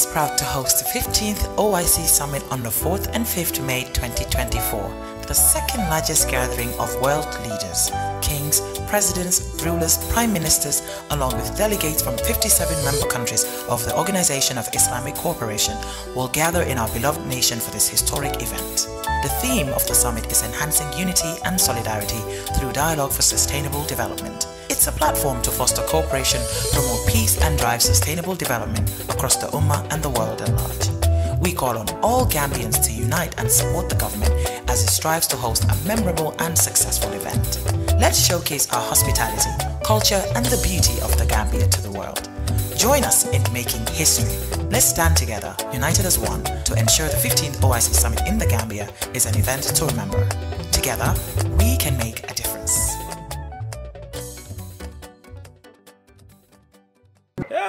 is proud to host the 15th OIC Summit on the 4th and 5th May 2024, the second largest gathering of world leaders, kings, presidents, rulers, prime ministers, along with delegates from 57 member countries of the Organization of Islamic Cooperation, will gather in our beloved nation for this historic event. The theme of the summit is enhancing unity and solidarity through dialogue for sustainable development. It's a platform to foster cooperation, promote peace and drive sustainable development across the Ummah and the world at large. We call on all Gambians to unite and support the government as it strives to host a memorable and successful event. Let's showcase our hospitality, culture and the beauty of the Gambia to the world. Join us in making history. Let's stand together, united as one, to ensure the 15th OIC Summit in the Gambia is an event to remember. Together, we can make a difference.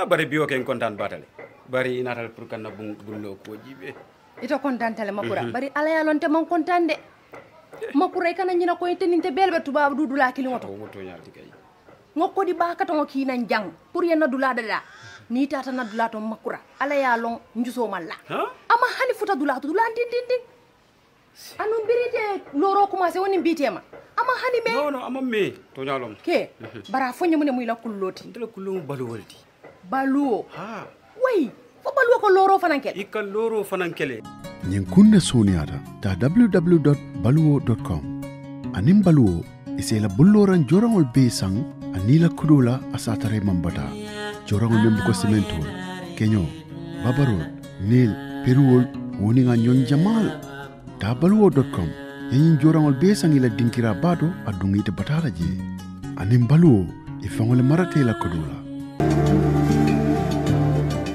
bari biwo ken kontan batale bari inatal pour kanna gullo ko jibe ito kontantale makura mm -hmm. bari ala yalonte man de makura kana nyina ko te belbe tubabu dudula kilin oto woto nyarti kay ngokko di baka to ki nan jang pour yenna dula dada ni tata na dula to makura ala yalon njuso malla huh? ama hani futa dula to dula din din din anu birite loro commencé woni mbitema ama hani me no no ama me to nyalom ke mhm. bara fonye mune muy la kulloti ndela kullu balu waldi baluwo wayi fo baluwo ko looro fanaŋ kele i ka looro fanaŋ kele ñiŋ kuŋ ne sooneyaata taa www baluwo com aniŋ baluwo i si i la bullooraŋ joraŋol bee saŋ aniŋ i la kudoo la a se a tara i maŋ bataa joraŋol meŋ buko simentol keñoo babarol neel periwol woniŋa ñoŋ jamaal taa baluwo com ye ñiŋ joraŋol bee saŋ i la dinkira baato do a duŋ ite bataa la jee aniŋ baluwo i faŋo le marata i la kudoo la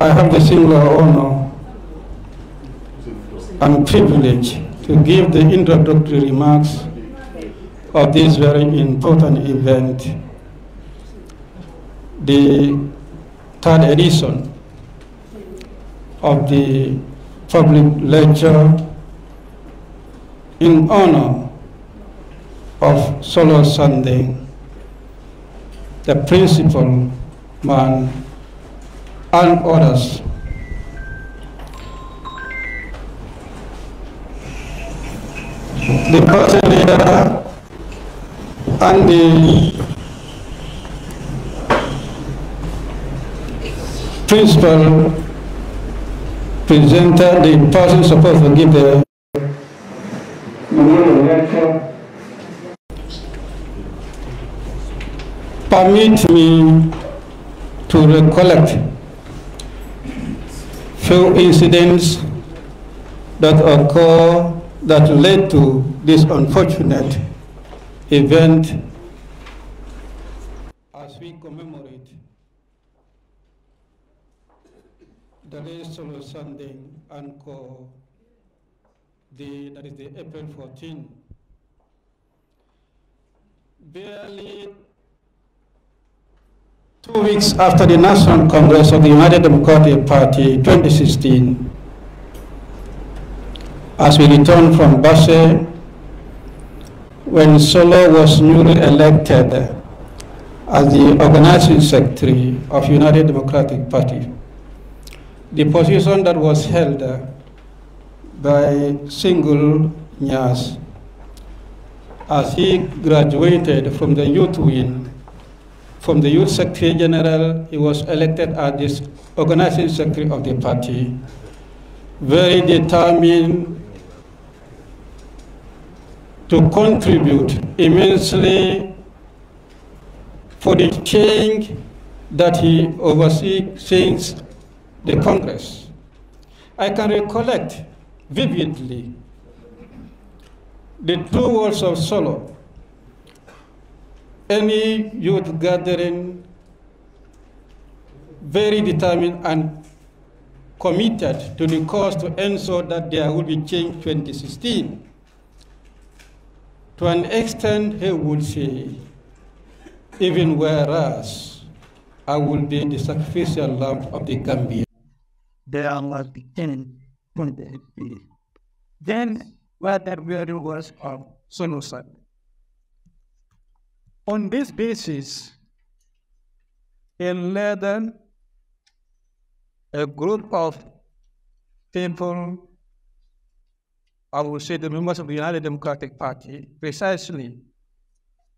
I have the singular honor and privilege to give the introductory remarks of this very important event, the third edition of the public lecture in honor of Solar Sunday, the principal man others. The party leader and the principal presenter, the person supposed to give the Permit me to recollect few incidents that occur that led to this unfortunate event as we commemorate the day Sunday and Co. that is the April 14. Barely Two weeks after the National Congress of the United Democratic Party 2016, as we returned from Bashe, when Solo was newly elected as the organizing secretary of United Democratic Party, the position that was held by single Nyas as he graduated from the youth wing from the Youth Secretary General, he was elected as the organizing secretary of the party. Very determined to contribute immensely for the change that he oversees since the Congress. I can recollect vividly the two words of Solo any youth gathering very determined and committed to the cause to ensure that there will be change 2016. To an extent, he would say, even whereas I will be the sacrificial lamb of the Gambia. There are the 10, 20. Then, whether we are the worst of Sonosan. On this basis, in a group of people, I would say the members of the United Democratic Party, precisely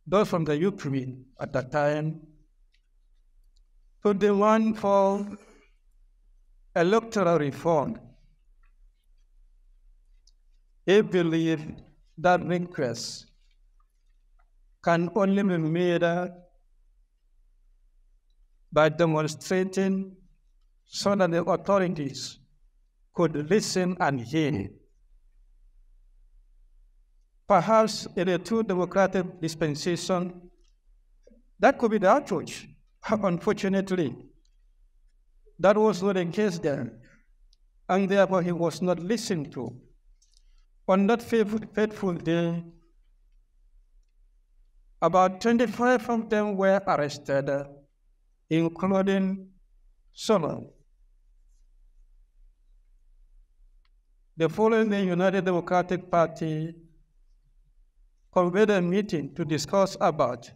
those from the Ukraine at that time, to demand for electoral reform. He believed that request can only be made by demonstrating so that the authorities could listen and hear. Perhaps in a true democratic dispensation, that could be the approach. Unfortunately, that was not the case then, and therefore he was not listened to. On that faithful day, about 25 of them were arrested, including Solomon. The following day, United Democratic Party convened a meeting to discuss about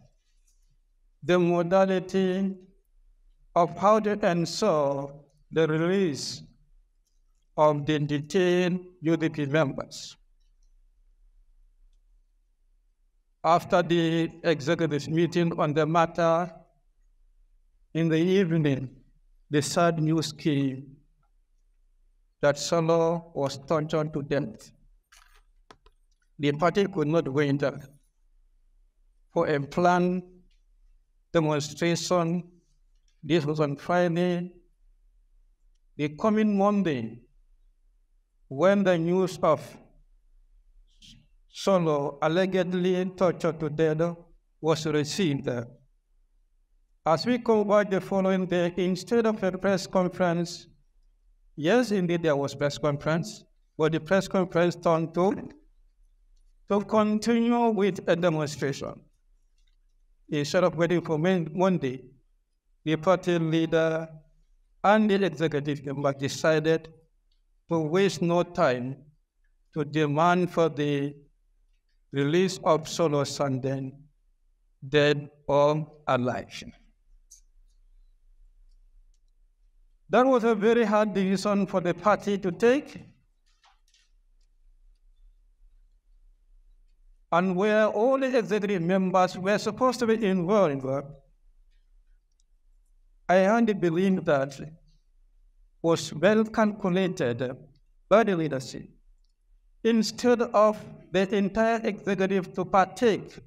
the modality of how to ensure the release of the detained UDP members. after the executive meeting on the matter in the evening, the sad news came that Solo was tortured to death. The party could not wait for a planned demonstration. This was on Friday. The coming Monday, when the news of solo allegedly tortured to death was received. As we covered the following day, instead of a press conference, yes, indeed there was press conference, but the press conference turned to, to continue with a demonstration. Instead of waiting for Monday, the party leader and the executive member decided to waste no time to demand for the release of solo Sunday, dead or alive. That was a very hard decision for the party to take. And where all the executive members were supposed to be involved, I only believe that was well calculated by the leadership. Instead of the entire executive to partake.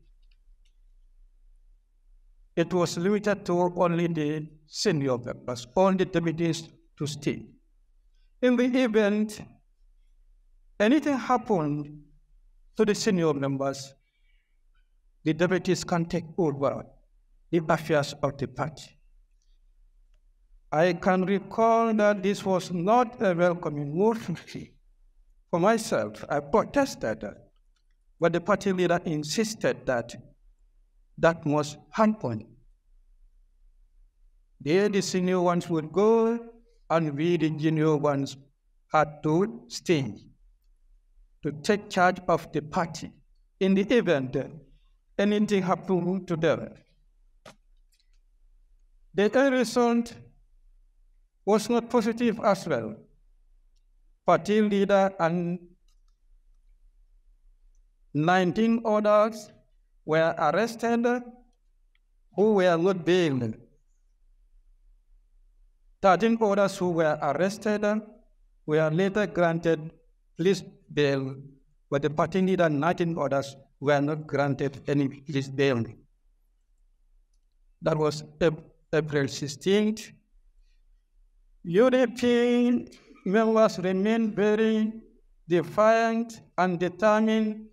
It was limited to only the senior members, only deputies to stay. In the event anything happened to the senior members, the deputies can take over the affairs of the party. I can recall that this was not a welcoming move for myself. I protested but the party leader insisted that that must happen. There the senior ones would go and we the junior ones had to stay to take charge of the party in the event anything happened to them. The end result was not positive as well. Party leader and 19 others were arrested who were not bailed. 13 others who were arrested were later granted police bail, but the party leader 19 others were not granted any police bail. That was April 16th. European members remained very defiant and determined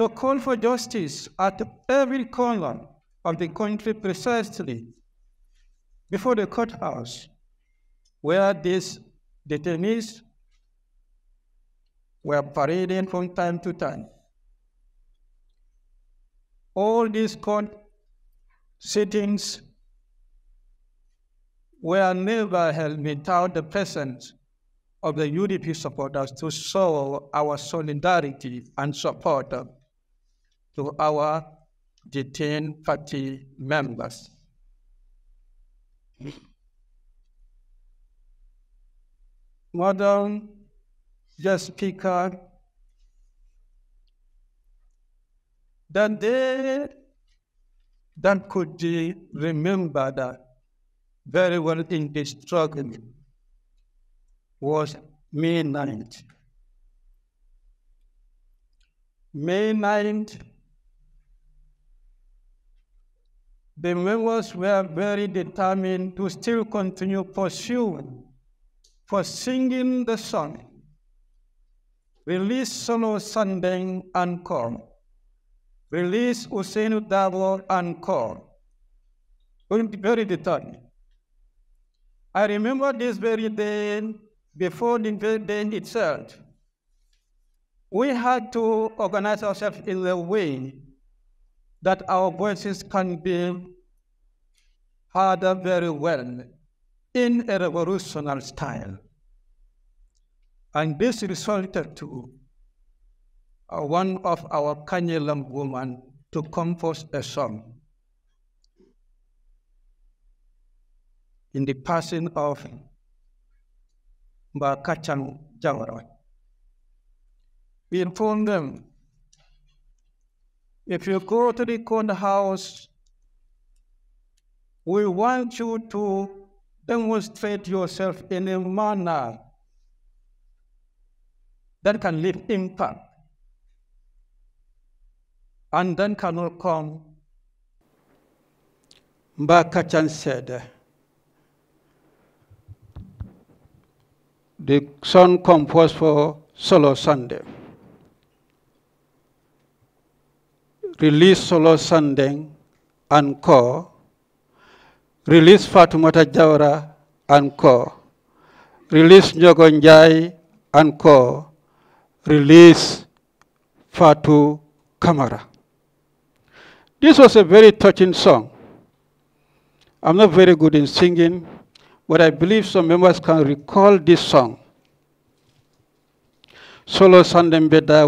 to call for justice at every corner of the country precisely before the courthouse where these detainees were parading from time to time. All these court sittings were never held without the presence of the UDP supporters to show our solidarity and support to our detained party members. Madam Speaker, the day that could be remembered very well in this struggle was May 9th. May 9th the members were very determined to still continue pursuing, for singing the song, release Solo Sandeng encore, release Usainu Dabo encore. we very determined. I remember this very day, before the day itself, we had to organize ourselves in a way that our voices can be heard very well in a revolutionary style. And this resulted to uh, one of our Kanyelam women to compose a song in the passing of Mbakachan Jawara. We informed them if you go to the court house, we want you to demonstrate yourself in a manner that can leave impact and then cannot come. Mbakachan said, the song composed for Solo Sunday. release Solo Sandeng and co. Release Fatumata Jawara and co. Release Njogonjai and co. Release Fatu Kamara. This was a very touching song. I'm not very good in singing, but I believe some members can recall this song. Solo Sandem Beda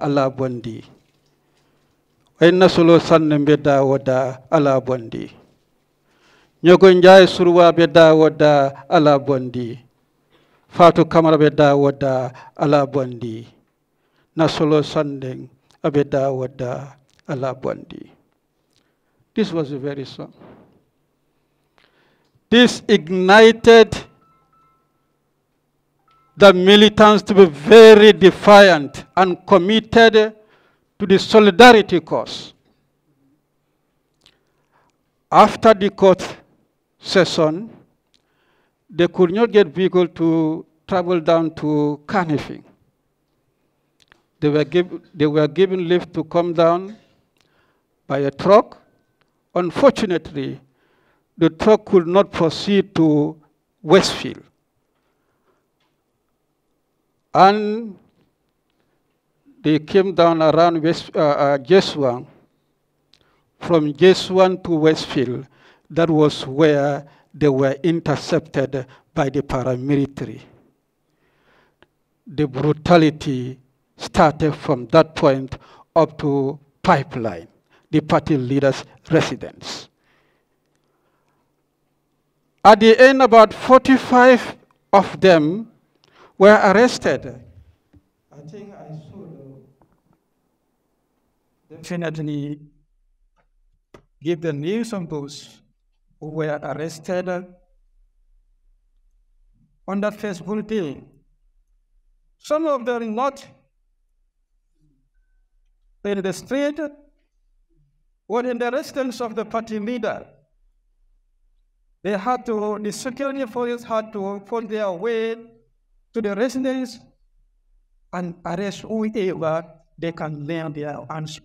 Allah Bondi enna solo sanne mbe dawoda ala bondi ñogoy njaay surwaɓe dawoda ala bondi fatu kamara ɓe dawoda ala bondi nasolo sanden aɓe dawoda ala bondi this was a very song this ignited the militants to be very defiant and committed to the solidarity cause. After the court session, they could not get vehicle to travel down to Carnifing. They were, give, they were given leave to come down by a truck. Unfortunately, the truck could not proceed to Westfield. And they came down around West, uh, uh, from Jeswan to Westfield. That was where they were intercepted by the paramilitary. The brutality started from that point up to Pipeline, the party leader's residence. At the end, about 45 of them were arrested. I think I definitely give the news of those who were arrested on that fateful day. Some of them not in the street or in the residence of the party leader. They had to, the security forces had to find their way to the residence and arrest whoever they can learn their answer.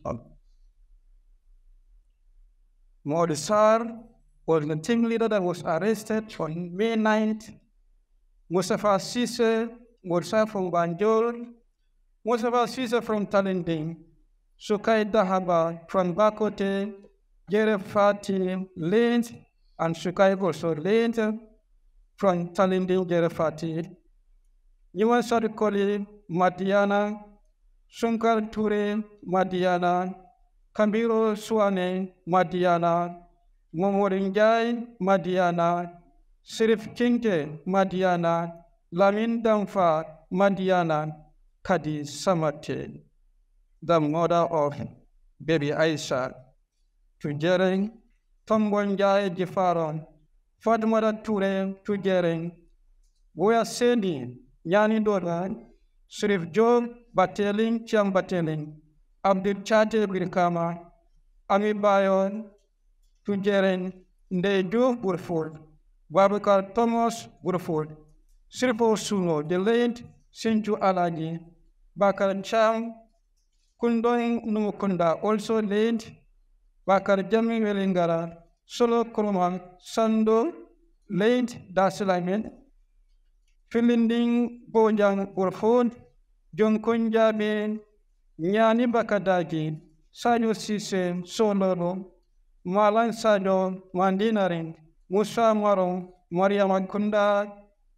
Mordesar was the team leader that was arrested on May 9th. Mustafa Sise, Mustafa from Banjul, Mustafa Sise from Talendin, Sukai Dahaba from Bakote, Jeref Fati Lent, and Sukai also Lent from Talendin Jeref Fati. call him Madiana, Sungkar Ture Madiana, Kambiro Suane Madiana, Mumurinjai Madiana, Sirif Kinte Madiana, Lamin Damfa Madiana, Kadi Samate, the mother of baby Aisha, Tujering, Tombonjai Jifaron, Fatmada Ture Tujering, Wea Sendi, Yani Dora, Sirif Joe batelin chang batelin Abdul de chate bir ami bayon tunjeren de Burford, burfor thomas Burford. sirpo suno the late, sinju alani bakar cham kundoin num also late, bakar jami welingara solo kromang sando late dasalamen filinding Bojang Burford jonkun jaami ñaani bakadaji sañu sise sondono malan sajo mandinarin musa maro ya ya mariama kunda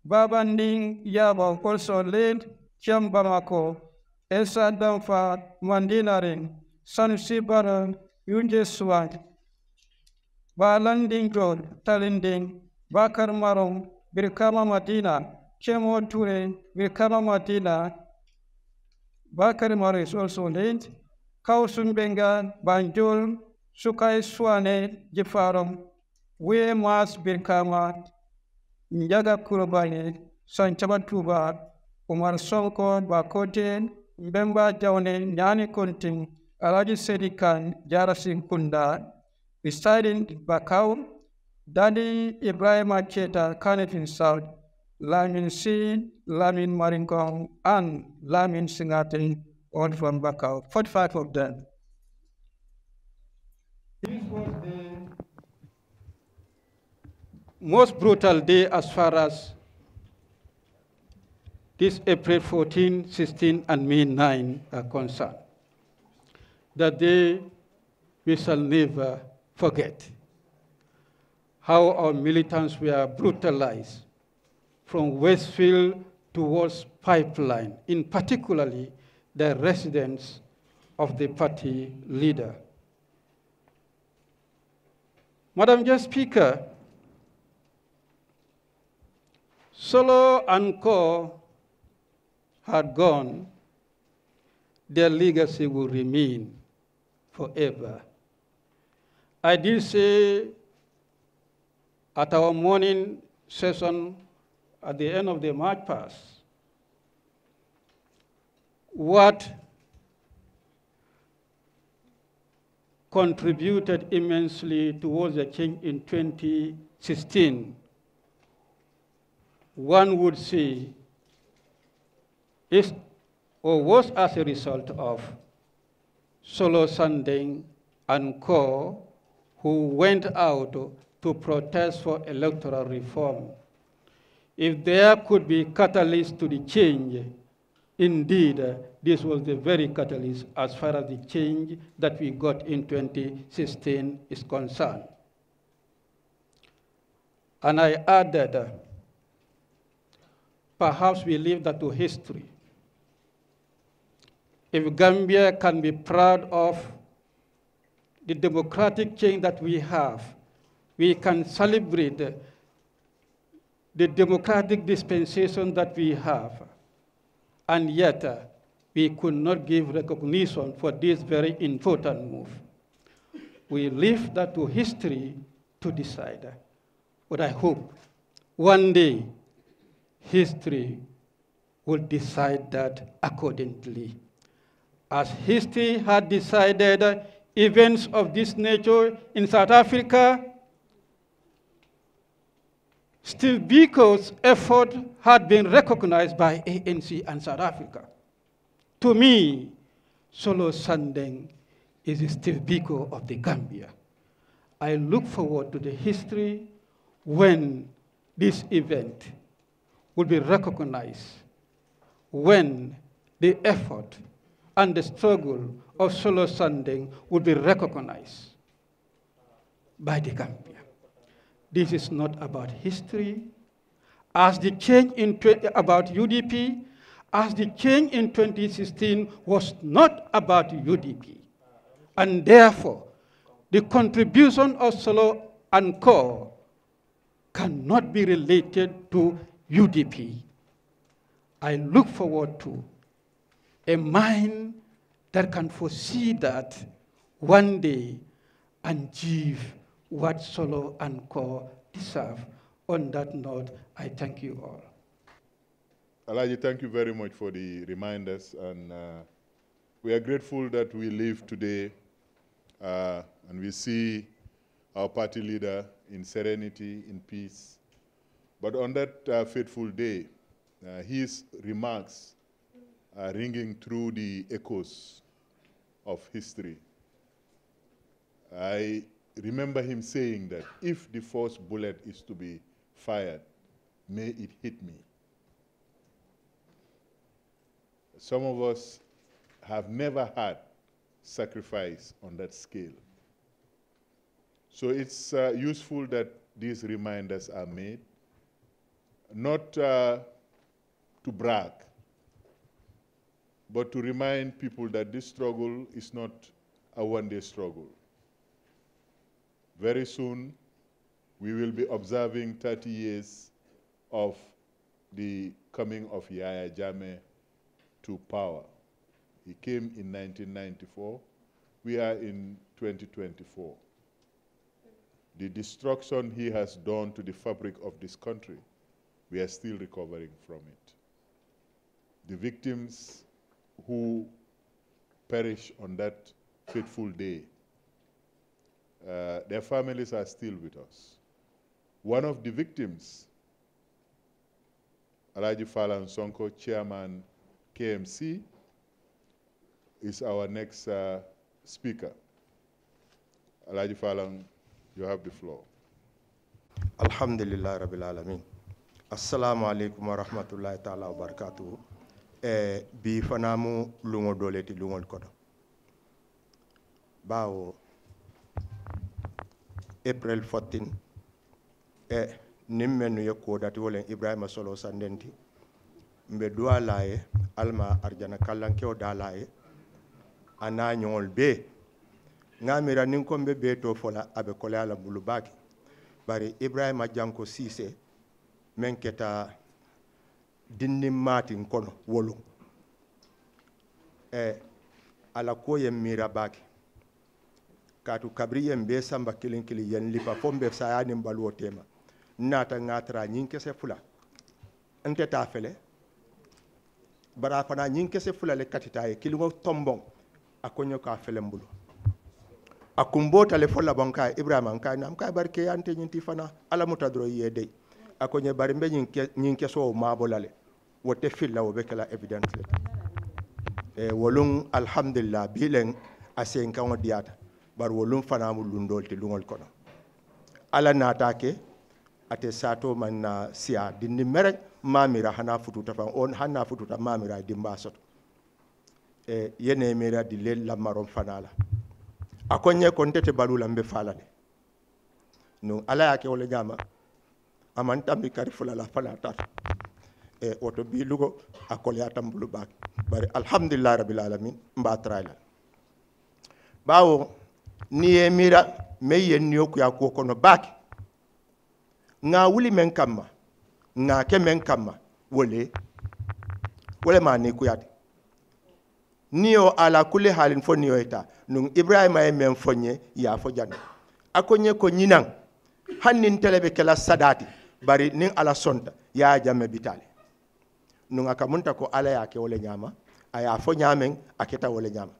babandin yaba kolso led ciam bamako esa danfa mandinarin sanusi bara yunje suwaj balandin jol talindin bakar maro birkama madina cemo ture birkama madina Bakari Maro is also on it. Kausun Bengan, Banjul, Sukai Swane, Jifaram, We Mas Birkamat, Njaga Kurubani, Sanchabatuba, Umar Sonko, Bakotin, Mbemba Jaune, Nyani Kuntin, Alaji Sedikan, Jarasin Kunda, residing Bakau, Dadi Ibrahim Acheta, Carnegie South, Lamin Sin, Lamin Maringong, and Lamin Singati, all from Bakau, 45 of them. This was the most brutal day as far as this April 14, 16, and May 9 are concerned. The day we shall never forget how our militants were brutalized from Westfield towards pipeline, in particularly the residence of the party leader. Madam Speaker, Solo and Co had gone, their legacy will remain forever. I did say at our morning session at the end of the March Pass, what contributed immensely towards the change in 2016, one would see is or was as a result of Solo Sanding and Co., who went out to protest for electoral reform. If there could be catalyst to the change, indeed, uh, this was the very catalyst as far as the change that we got in 2016 is concerned. And I added, uh, perhaps we leave that to history. If Gambia can be proud of the democratic change that we have, we can celebrate uh, the democratic dispensation that we have, and yet uh, we could not give recognition for this very important move. We leave that to history to decide. But I hope one day history will decide that accordingly. As history had decided uh, events of this nature in South Africa Steve Biko's effort had been recognized by ANC and South Africa. To me, Solo Sandeng is Steve Biko of the Gambia. I look forward to the history when this event will be recognized, when the effort and the struggle of Solo Sandeng will be recognized by the Gambia. This is not about history. As the change in about UDP, as the change in 2016 was not about UDP. And therefore, the contribution of Solo and Co cannot be related to UDP. I look forward to a mind that can foresee that one day and achieve what Solo and Core deserve. On that note, I thank you all. Elijah, thank you very much for the reminders. And uh, we are grateful that we live today uh, and we see our party leader in serenity, in peace. But on that uh, fateful day, uh, his remarks are ringing through the echoes of history. I remember him saying that if the first bullet is to be fired, may it hit me. Some of us have never had sacrifice on that scale. So it's uh, useful that these reminders are made, not uh, to brag, but to remind people that this struggle is not a one-day struggle. Very soon, we will be observing 30 years of the coming of Yahya Jammeh to power. He came in 1994. We are in 2024. The destruction he has done to the fabric of this country, we are still recovering from it. The victims who perish on that fateful day uh, their families are still with us. One of the victims, Alaji Falan Sonko, chairman KMC, is our next uh, speaker. Alaji Falan, you have the floor. Alhamdulillah Rabbil Alameen. Assalamu alaikum wa rahmatullahi ta'ala wa barakatuhu. Eh, bi fanamu lungo doleti lungo kodo. Bawo april 14 e nin mennu ye koodati wo len ibrahima solo sandendi mbe duwa la ye alma arjana kallankewo da la ye a naa ñoŋol bee ŋa mira niŋ ko mbe bee to fo la a be koleya la bulu baake bari ibrahima janko siise meŋ keta dinniŋ maatin kono wolu e, ala kuo ye mira baake katu kabriye mbe samba kilin kili yen lipa fo mbe sayani mbaluwo tema nata ngatra ñin kese fula nte ta fele bara fana ñin kese fula le katita ye kilingo tombon a koño ka fele mbulu a kumbota le fo labon ka ibrahima nka nam ka barke ante ñinti fana ala mutadro doro ye dey a koñe bari mbe ñin kesowo mabola wote filla wo be kala evidence le e eh, alhamdulillah bilen asenka sen bari wolum fanamu lundol te lungol kono ala naata ke ate sato man na siya dinni mere mamira hana fututa fan on hana fututa mamira dimba soto e yene mera di lel lamaron fanala akonye kontete balula mbe falale no ala yake wala jama aman tambi kari fulala fanata e woto bi lugo akol ya tambulu bak bari alhamdulillah rabbil alamin mba traila bawo niyemira meye niyo kuya ko kono baki nga wuli men nga ke men wole wole ma ni kuyati niyo ala kule halin fo niyo ita nung ibrahima ye men fonye ya fo janna akonye ko nyinan hannin telebe kala sadati bari nin ala sonta ya jamme bitale nun akamunta ko ala yake wole nyama aya fo nyamen aketa wole nyama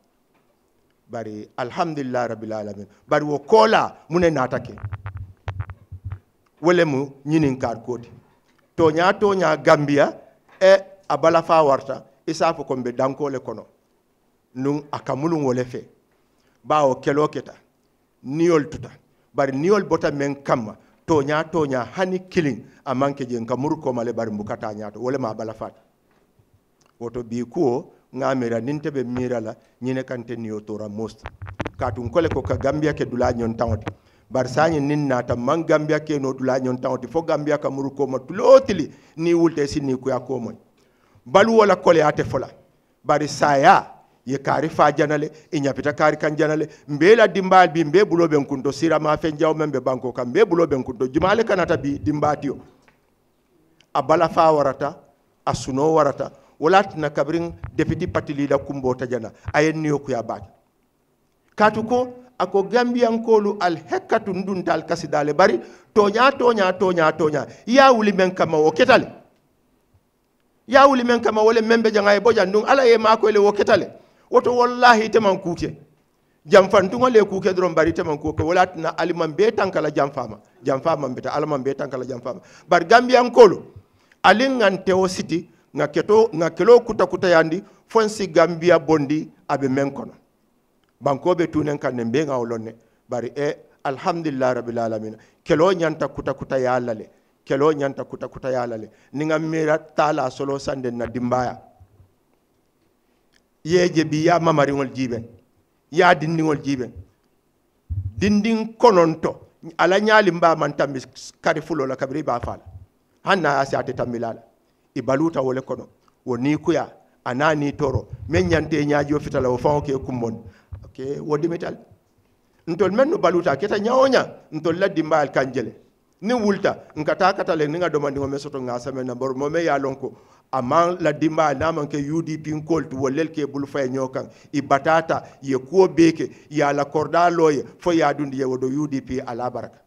bari alhamdulillah rabbil alamin bari wo kola mune natake wolemu wole mu kodi to nya toña toña gambia e abala fa warta isa fo ko mbe dankole kono nun a kamulun wole fe bawo kelo keta tuta bari niol bota men kamma toña toña hani kilin a manke jen ka muru bari mbukata ñato wole ma bala fata woto bi kuo ngamira ninte be mira la ñine kante ni otora most katun kole ko ka gambia ke dula ñon tawti bar sañi nin nata man gambia ke no dula ñon tawti fo gambia ka muru ko mat tulotili ni wulte sinni ya ko moy balu wala kole ate fola bari saya ye kari fa janale i e ñapita kari kan janale mbe la dimbaal bi mbe bulo ben kunto sirama fe jaw membe banko kam mbe bulo ben kunto jumale kanata bi dimbatio abala fa warata asuno warata wala tina kabirin deputy party leader kumbo tajana ayen niyo kuya bat katu ko ako gambiyan kolu al hekatu ndun dal kasidale bari tonya tonya tonya tonya ya wuli men kama o ketale ya wuli men kama wole membe janga e bojan dun ala e mako ele o ketale woto wallahi teman kuke janfantuŋo le kuke doroŋ bari teman kuke wala tina aliman be tankala janfama janfama bita alaman be tankala janfama bari gambiyankolu aliŋ ŋantewo siti na keto na kelo kuta kuta yandi fonsi gambia bondi abe men kono banko be tunen kan ne mbenga olonne bari e alhamdulillah rabbil alamin kelo nyanta kuta kuta ya lale kelo nyanta kuta kuta ya lale ninga mira tala solo sande na dimbaya yeje bi ya mamari ngol jibe ya dindi ngol jibe dindi kononto ala nyali mba man tambi kari fulo la kabri ba fala hanna asi ate ibaluta wole kono woni kuya anani toro men nyande nyaajo fitala wo faŋo ke kumbon ke wodi metal ntol men no baluta keta nyaonya ña ntol la dimbayal kaŋ jele wulta nka taa kata le niŋ a domandiŋo meŋ soto ngasa men na bor moo ye a loŋ la dimbayal na a ke udp nkoolu ti ke bul bulu faye ñoo i batata ye ko beke ya ye la koridaa fo ye dundi ye wodo udp ala baraka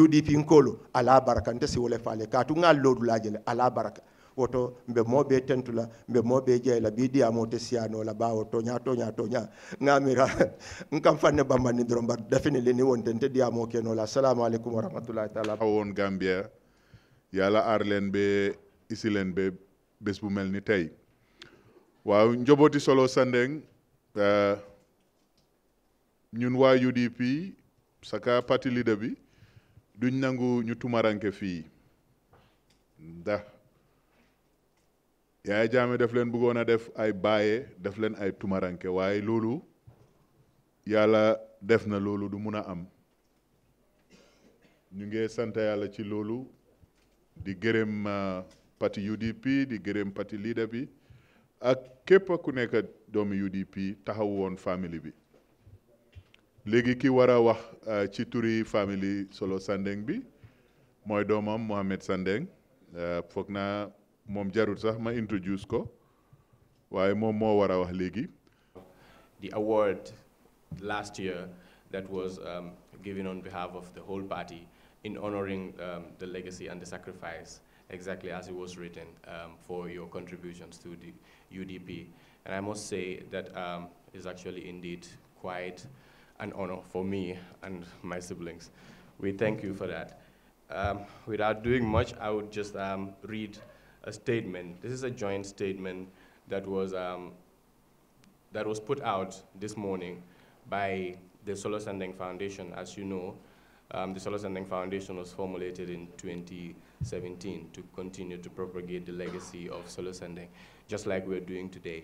udp nkolu ala baraka nte siwole faale kaatu ŋa loodu laajele ala baraka woto mbe moo be tentula mbe moo be jeyla bii diyamoo te siyano la baawo toña toña toña ŋa mira fanne bambandi doron bar dafini li ni wonten te diyamoo keno la assalamu aleykum wa rahmatullahi taala woon bu mel ni tey waaw njobooti solo Sandeng eh, ñun waa UDP saka parti leader bi duñ nangu ñu tumaranke fii ndax yaay jaame daf leen bëggoon a def ay baaye def leen ay tumaranke waaye loolu yàlla def na loolu du mun a am ñu ngi sant yàlla ci loolu di gërëm uh, parti UDP di gërëm parti leader bi ak képp ku nekk doomi UDP taxaw woon famille bi ki wax eh, ci turi Solo Sandeng bi Sandeng eh, sax ma introduce ko wax The award last year that was um, given on behalf of the whole party in honoring um, the legacy and the sacrifice exactly as it was written um, for your contributions to the UDP. And I must say that um, is actually indeed quite an honor for me and my siblings. We thank you for that. Um, without doing much, I would just um, read a statement. This is a joint statement that was, um, that was put out this morning by the Solar Sending Foundation. As you know, um, the Solar Sending Foundation was formulated in 2017 to continue to propagate the legacy of solar sending, just like we're doing today.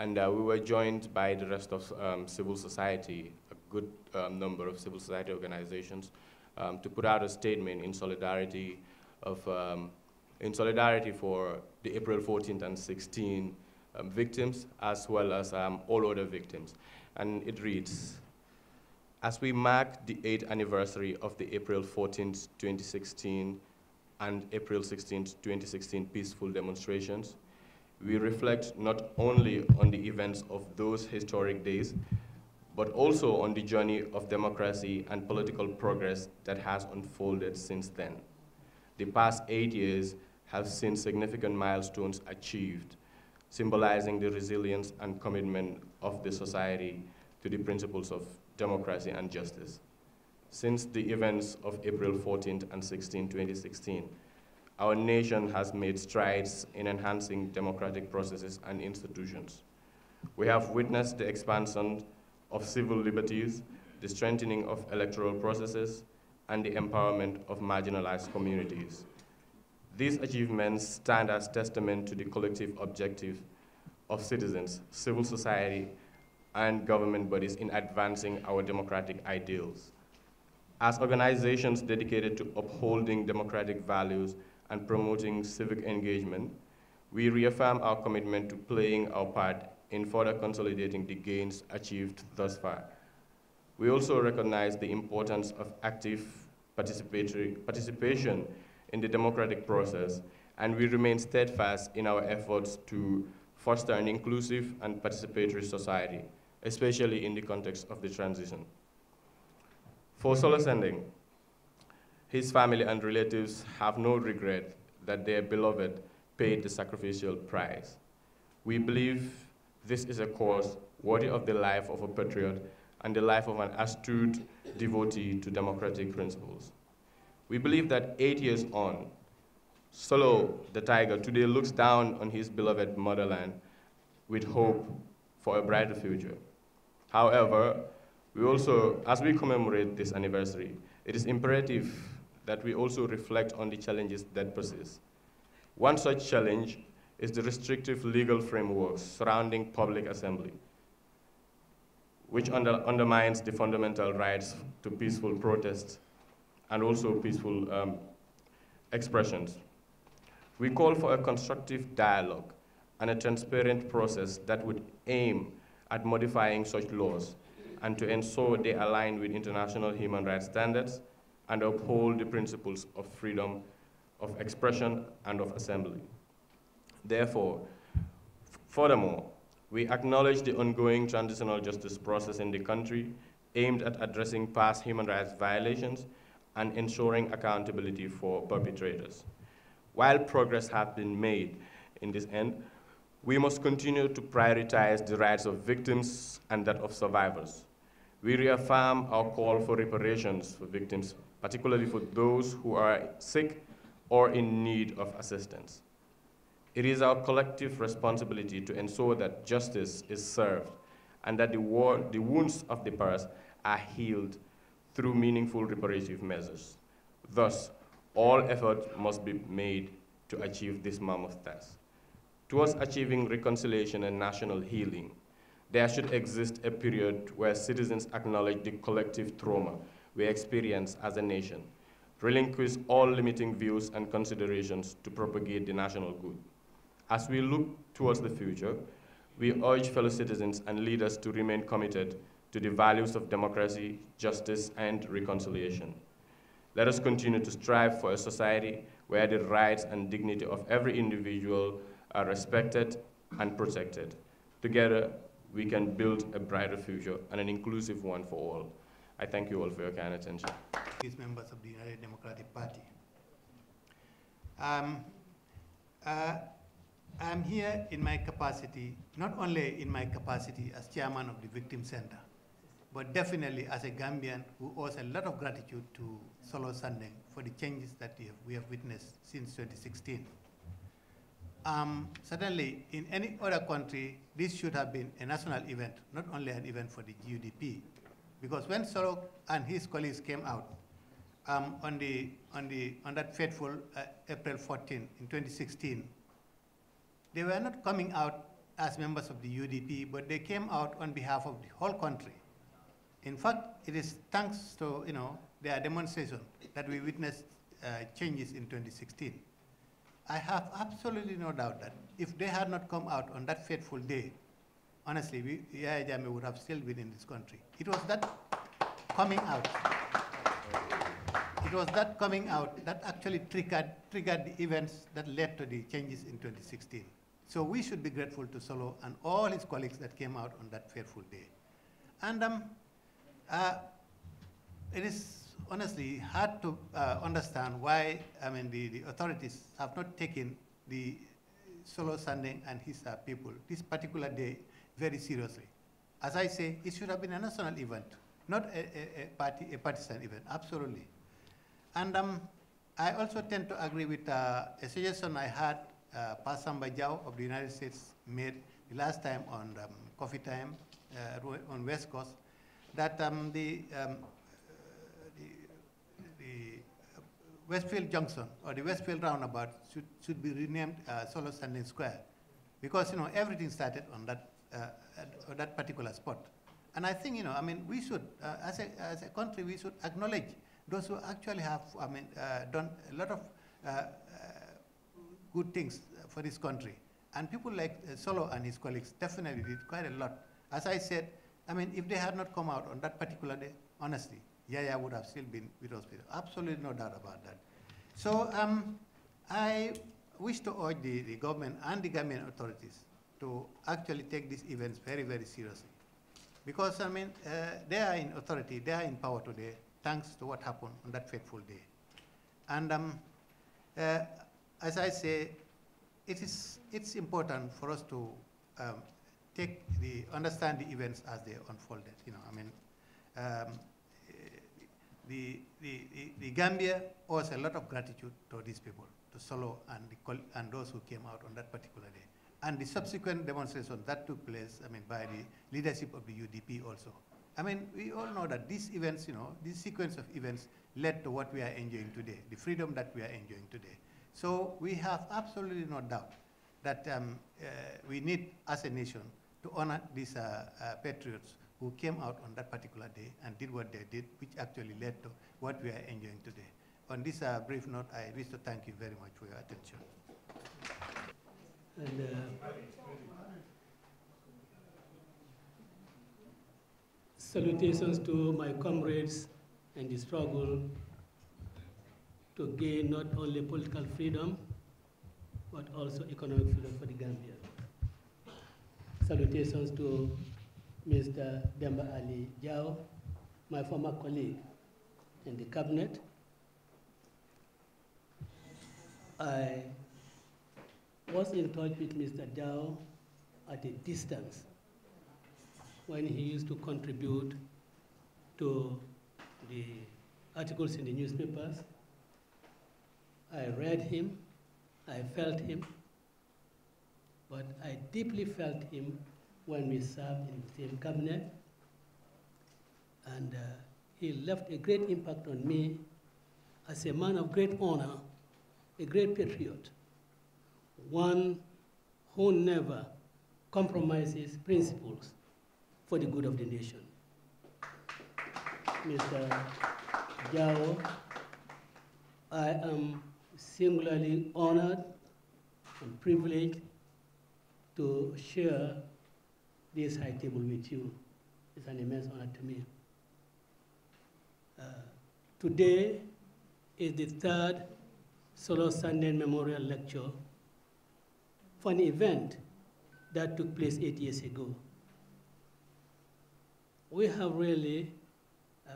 And uh, we were joined by the rest of um, civil society good um, number of civil society organizations um, to put out a statement in solidarity of um, in solidarity for the April 14th and 16th um, victims as well as um, all other victims. And it reads, as we mark the eighth anniversary of the April 14th, 2016 and April 16th, 2016 peaceful demonstrations, we reflect not only on the events of those historic days, but also on the journey of democracy and political progress that has unfolded since then. The past eight years have seen significant milestones achieved, symbolizing the resilience and commitment of the society to the principles of democracy and justice. Since the events of April 14th and 16, 2016, our nation has made strides in enhancing democratic processes and institutions. We have witnessed the expansion of civil liberties, the strengthening of electoral processes, and the empowerment of marginalized communities. These achievements stand as testament to the collective objective of citizens, civil society, and government bodies in advancing our democratic ideals. As organizations dedicated to upholding democratic values and promoting civic engagement, we reaffirm our commitment to playing our part in further consolidating the gains achieved thus far. We also recognize the importance of active participatory participation in the democratic process, and we remain steadfast in our efforts to foster an inclusive and participatory society, especially in the context of the transition. For Solo Sending, his family and relatives have no regret that their beloved paid the sacrificial price. We believe this is a cause worthy of the life of a patriot and the life of an astute devotee to democratic principles. We believe that eight years on, Solo the tiger today looks down on his beloved motherland with hope for a brighter future. However, we also, as we commemorate this anniversary, it is imperative that we also reflect on the challenges that persist. One such challenge is the restrictive legal framework surrounding public assembly, which under, undermines the fundamental rights to peaceful protests and also peaceful um, expressions. We call for a constructive dialogue and a transparent process that would aim at modifying such laws and to ensure they align with international human rights standards and uphold the principles of freedom of expression and of assembly. Therefore, furthermore, we acknowledge the ongoing transitional justice process in the country aimed at addressing past human rights violations and ensuring accountability for perpetrators. While progress has been made in this end, we must continue to prioritize the rights of victims and that of survivors. We reaffirm our call for reparations for victims, particularly for those who are sick or in need of assistance. It is our collective responsibility to ensure that justice is served and that the, war, the wounds of the past are healed through meaningful reparative measures. Thus, all effort must be made to achieve this mammoth task. Towards achieving reconciliation and national healing, there should exist a period where citizens acknowledge the collective trauma we experience as a nation, relinquish all limiting views and considerations to propagate the national good, as we look towards the future, we urge fellow citizens and leaders to remain committed to the values of democracy, justice, and reconciliation. Let us continue to strive for a society where the rights and dignity of every individual are respected and protected. Together, we can build a brighter future and an inclusive one for all. I thank you all for your kind attention. These members of the United Democratic Party. Um, uh, I am here in my capacity, not only in my capacity as chairman of the Victim Center, but definitely as a Gambian who owes a lot of gratitude to Solo Sandeng for the changes that we have, we have witnessed since 2016. Um, certainly, in any other country, this should have been a national event, not only an event for the GUDP. Because when Sorok and his colleagues came out um, on, the, on, the, on that fateful uh, April 14 in 2016, they were not coming out as members of the UDP, but they came out on behalf of the whole country. In fact, it is thanks to you know their demonstration that we witnessed uh, changes in 2016. I have absolutely no doubt that if they had not come out on that fateful day, honestly, we, Yaya Jame would have still been in this country. It was that coming out. It was that coming out that actually triggered, triggered the events that led to the changes in 2016. So we should be grateful to Solo and all his colleagues that came out on that fearful day. And um, uh, it is honestly hard to uh, understand why I mean, the, the authorities have not taken the Solo Sanding and his uh, people this particular day very seriously. As I say, it should have been a national event, not a, a, a party, a partisan event, absolutely. And um, I also tend to agree with uh, a suggestion I had uh, Bajau of the United States made the last time on um, coffee time uh, on West Coast, that um, the, um, the, the, Westfield Junction or the Westfield Roundabout should, should be renamed uh, Solo Standing Square because, you know, everything started on that, uh, that particular spot. And I think, you know, I mean, we should, uh, as, a, as a country, we should acknowledge those who actually have, I mean, uh, done a lot of uh, good things for this country. And people like uh, Solo and his colleagues definitely did quite a lot. As I said, I mean, if they had not come out on that particular day, honestly, Yaya would have still been with us. Absolutely no doubt about that. So um, I wish to urge the, the government and the Gambian authorities to actually take these events very, very seriously. Because, I mean, uh, they are in authority, they are in power today, thanks to what happened on that fateful day. And um, uh, as I say, it is, it's important for us to um, take the, understand the events as they unfolded, you know, I mean, um, the, the, the, Gambia owes a lot of gratitude to these people, to Solo and, the, and those who came out on that particular day. And the subsequent demonstration that took place, I mean, by the leadership of the UDP also. I mean, we all know that these events, you know, this sequence of events led to what we are enjoying today, the freedom that we are enjoying today. So we have absolutely no doubt that um, uh, we need, as a nation, to honor these uh, uh, patriots who came out on that particular day and did what they did, which actually led to what we are enjoying today. On this uh, brief note, I wish to thank you very much for your attention. And, uh, salutations to my comrades and the struggle to gain not only political freedom, but also economic freedom for the Gambia. Salutations to Mr. Demba Ali Jao, my former colleague in the cabinet. I was in touch with Mr. Jao at a distance when he used to contribute to the articles in the newspapers I read him, I felt him, but I deeply felt him when we served in the same cabinet, and uh, he left a great impact on me as a man of great honor, a great patriot, one who never compromises principles for the good of the nation. Mr. Jao, I am singularly honored and privileged to share this high table with you. It's an immense honor to me. Uh, today is the third Solo Sunday Memorial Lecture for an event that took place eight years ago. We have really uh,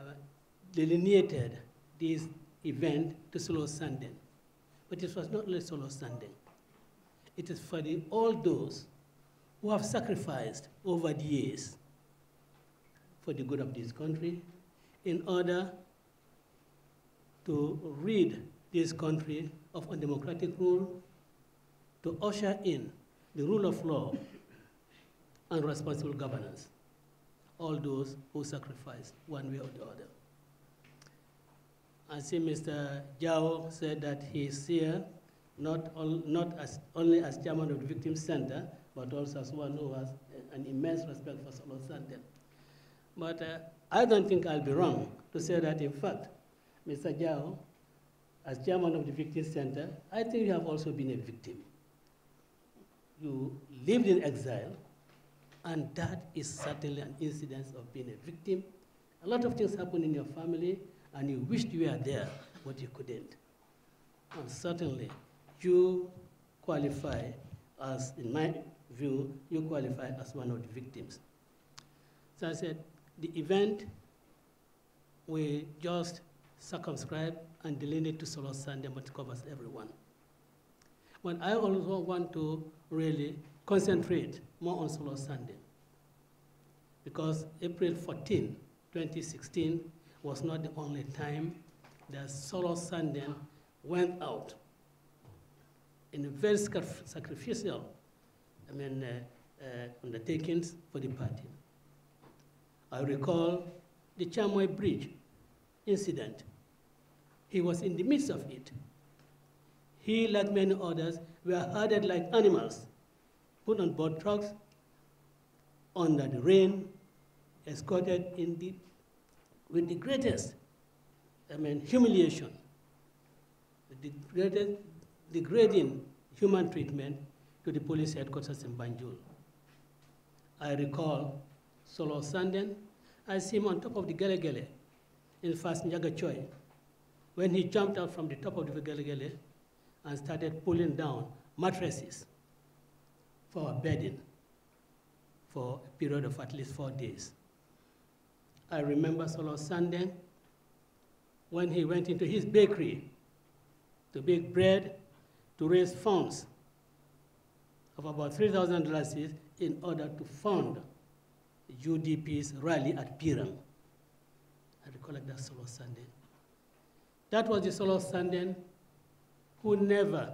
delineated this event to Solo Sunday but it was not only alone standing. It is for the, all those who have sacrificed over the years for the good of this country in order to rid this country of undemocratic rule, to usher in the rule of law and responsible governance. All those who sacrificed one way or the other. I see Mr. Jao said that he is here not, on, not as, only as chairman of the Victim Center, but also as one who has an immense respect for Solo Sandel. But uh, I don't think I'll be wrong to say that, in fact, Mr. Jao, as chairman of the Victim Center, I think you have also been a victim. You lived in exile, and that is certainly an incidence of being a victim. A lot of things happen in your family, and you wished you were there, but you couldn't. And certainly, you qualify as, in my view, you qualify as one of the victims. So I said, the event we just circumscribe and delineate to Solar Sunday, but it covers everyone. But I also want to really concentrate more on Solar Sunday because April 14, 2016, was not the only time that solar sanding went out in a very sacrificial I mean, uh, uh, undertakings for the party. I recall the Chamoy Bridge incident. He was in the midst of it. He, like many others, were herded like animals, put on board trucks, under the rain, escorted in the with the greatest, I mean, humiliation, the greatest degrading human treatment to the police headquarters in Banjul. I recall Solo Sanden see him on top of the Gelegele in first Nyagachoy when he jumped out from the top of the Gelegele and started pulling down mattresses for bedding for a period of at least four days. I remember Solo Sunday when he went into his bakery to bake bread to raise funds of about $3,000 in order to fund UDP's rally at Piram. I recollect that Solo Sunday. That was the Solo Sunday who never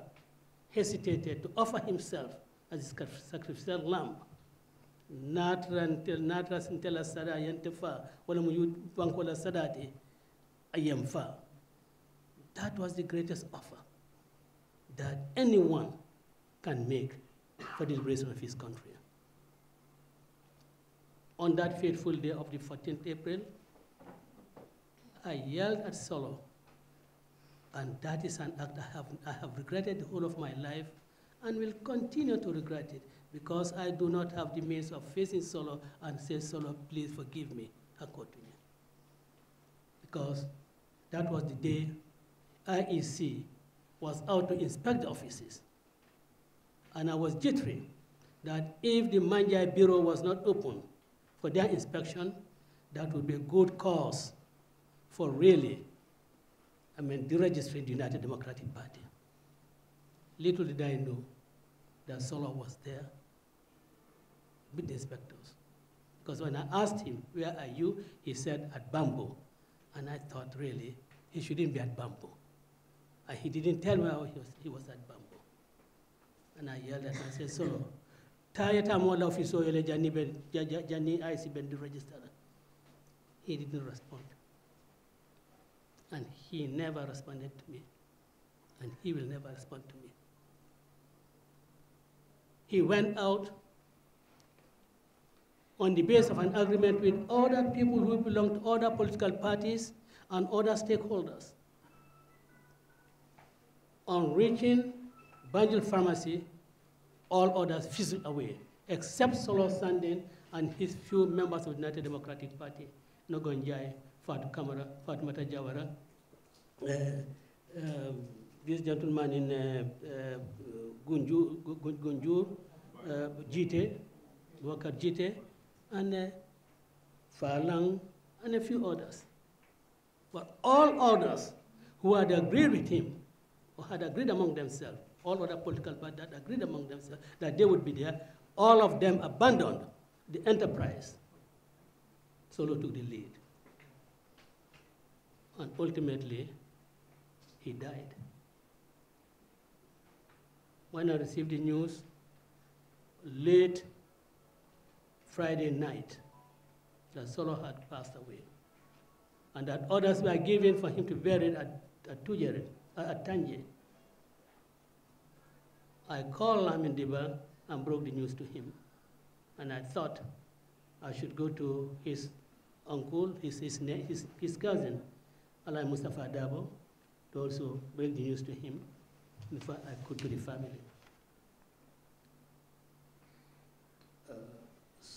hesitated to offer himself as a sacrificial lamb sada wala mu that was the greatest offer that anyone can make for the liberation of his country on that fateful day of the 14th April, I yelled at Solo, and that is an act I have, I have regretted the whole of my life and will continue to regret it because I do not have the means of facing Solo and say, Solo, please forgive me to me. Because that was the day IEC was out to inspect the offices. And I was jittery that if the Manjai Bureau was not open for their inspection, that would be a good cause for really, I mean, deregistering the United Democratic Party. Little did I know that Solo was there with the inspectors. Because when I asked him, where are you? He said, at Bamboo. And I thought, really, he shouldn't be at Bamboo. And he didn't tell me how he was, he was at Bamboo. And I yelled at him, I said, so, Tayeta Mola office oyele jani ben jani IC ben register. He didn't respond. And he never responded to me. And he will never respond to me. He went out on the basis of an agreement with other people who belong to other political parties and other stakeholders on reaching Banjul Pharmacy, all others fizzled away, except Solo Sandin and his few members of the United Democratic Party, Nogonjai, Fatu Kamara, Mata Jawara, uh, uh, this gentleman in uh, uh Gunjur, Gunjur uh, Jite, Wakar Jite, and uh, Falang, and a few others. But all others who had agreed with him, or had agreed among themselves, all other political parties that agreed among themselves that they would be there, all of them abandoned the enterprise. Solo took the lead. And ultimately, he died. When I received the news, late Friday night that Solo had passed away, and that orders were given for him to be buried at, at, Tujere, at Tangier. I called Lamindiba and broke the news to him, and I thought I should go to his uncle, his, his, his, his cousin, Alai Mustafa Dabo, to also break the news to him before I could to the family.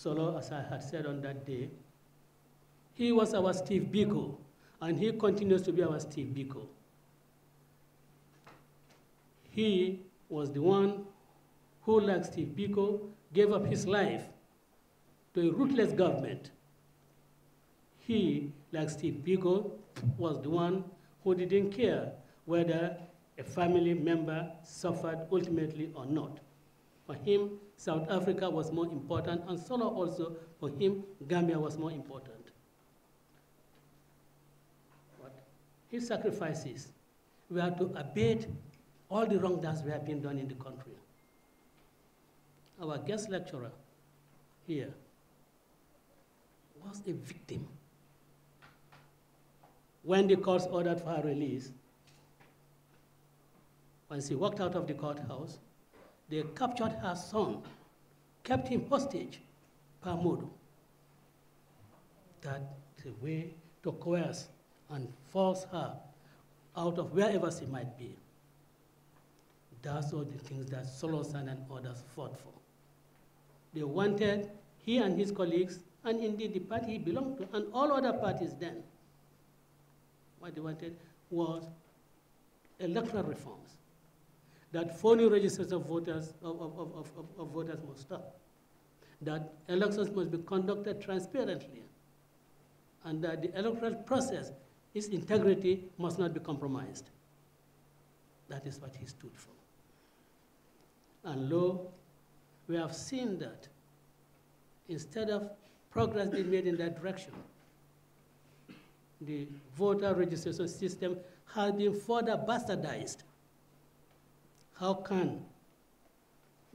Solo, as I had said on that day, he was our Steve Biko, and he continues to be our Steve Biko. He was the one who, like Steve Biko, gave up his life to a ruthless government. He, like Steve Biko, was the one who didn't care whether a family member suffered ultimately or not. For him, South Africa was more important, and Solo also, for him, Gambia was more important. But his sacrifices were to abate all the wrong that were being done in the country. Our guest lecturer here was a victim. When the court ordered for her release, when she walked out of the courthouse, they captured her son, kept him hostage per modum. That's the way to coerce and force her out of wherever she might be. That's all the things that Solosan and others fought for. They wanted he and his colleagues, and indeed the party he belonged to, and all other parties then, what they wanted was electoral reforms that four new registers of voters, of, of, of, of, voters must stop, that elections must be conducted transparently, and that the electoral process, its integrity must not be compromised. That is what he stood for. And lo, we have seen that instead of progress being made in that direction, the voter registration system has been further bastardized how can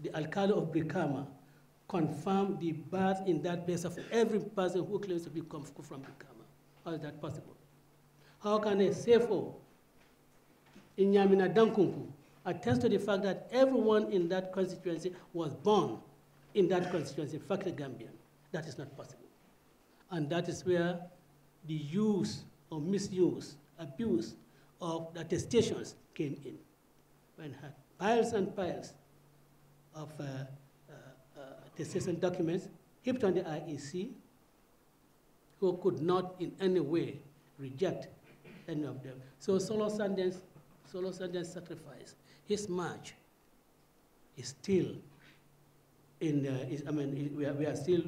the Alcalde of Brikama confirm the birth in that place of every person who claims to be from Brikama? How is that possible? How can a CFO in Yamina Dankunku attest to the fact that everyone in that constituency was born in that constituency, in fact, Gambian? That is not possible. And that is where the use or misuse, abuse of the attestations came in when piles and piles of uh, uh, uh, decision documents heaped on the IEC, who could not in any way reject any of them. So Solo Sanders, Solo Sanders sacrificed his march is still in, uh, is, I mean, we are, we are still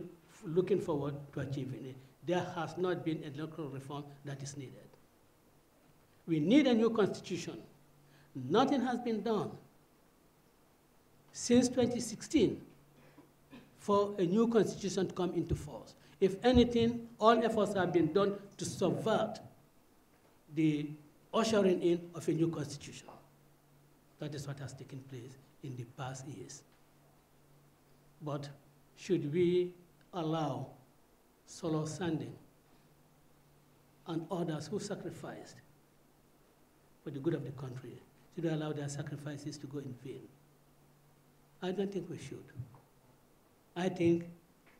looking forward to achieving it. There has not been electoral reform that is needed. We need a new constitution. Nothing has been done since 2016 for a new constitution to come into force. If anything, all efforts have been done to subvert the ushering in of a new constitution. That is what has taken place in the past years. But should we allow Solo Sanding and others who sacrificed for the good of the country, should we allow their sacrifices to go in vain? I don't think we should. I think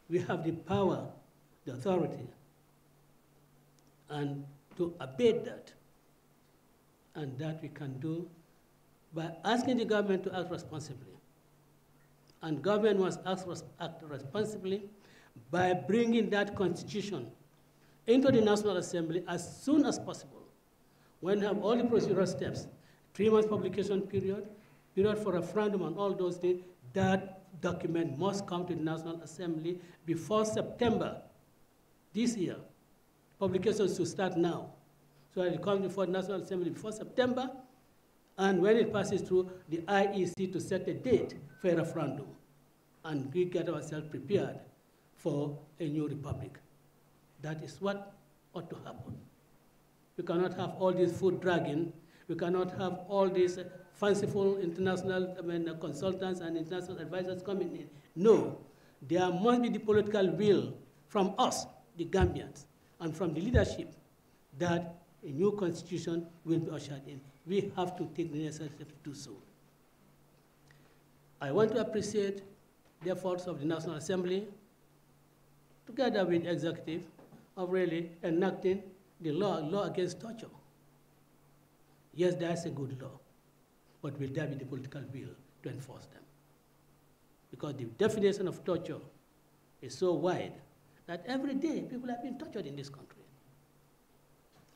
we have the power, the authority, and to abate that. And that we can do by asking the government to act responsibly. And government must act, act responsibly by bringing that constitution into the National Assembly as soon as possible. When have all the procedural steps, three months publication period, period for referendum and all those things, that document must come to the National Assembly before September this year. Publications should start now. So it comes before the National Assembly before September, and when it passes through the IEC to set a date for a referendum, and we get ourselves prepared for a new republic. That is what ought to happen. We cannot have all this food dragging. We cannot have all this uh, fanciful international I mean, uh, consultants and international advisors coming in. No, there must be the political will from us, the Gambians, and from the leadership that a new constitution will be ushered in. We have to take the necessary steps to do so. I want to appreciate the efforts of the National Assembly, together with the executive, of really enacting the law, law against torture. Yes, that's a good law but will there be the political will to enforce them? Because the definition of torture is so wide that every day people have been tortured in this country.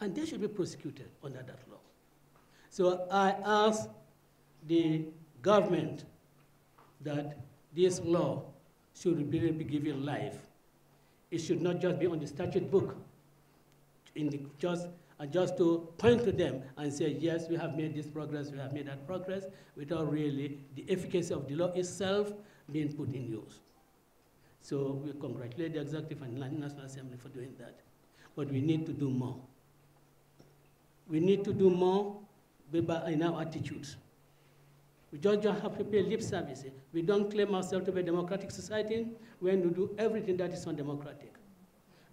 And they should be prosecuted under that law. So I ask the government that this law should really be given life. It should not just be on the statute book, in the, just and just to point to them and say, yes, we have made this progress, we have made that progress, without really the efficacy of the law itself being put in use. So we congratulate the Executive and the National Assembly for doing that. But we need to do more. We need to do more in our attitudes. We just don't have to pay lip service. We don't claim ourselves to be a democratic society when we do everything that is undemocratic.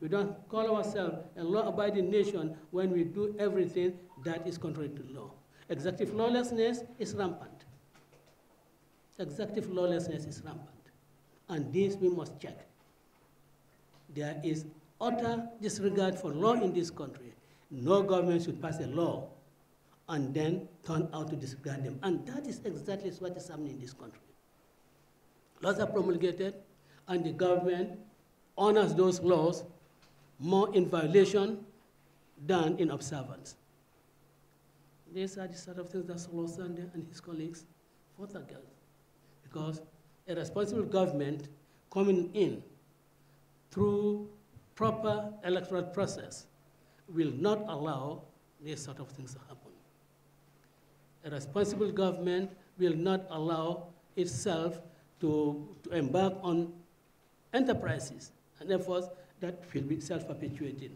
We don't call ourselves a law-abiding nation when we do everything that is contrary to law. Executive lawlessness is rampant. Executive lawlessness is rampant. And this we must check. There is utter disregard for law in this country. No government should pass a law and then turn out to disregard them. And that is exactly what is happening in this country. Laws are promulgated, and the government honors those laws more in violation than in observance. These are the sort of things that Solo Sunday and his colleagues fought against. Because a responsible government coming in through proper electoral process will not allow these sort of things to happen. A responsible government will not allow itself to, to embark on enterprises and efforts that will be self-perpetuating.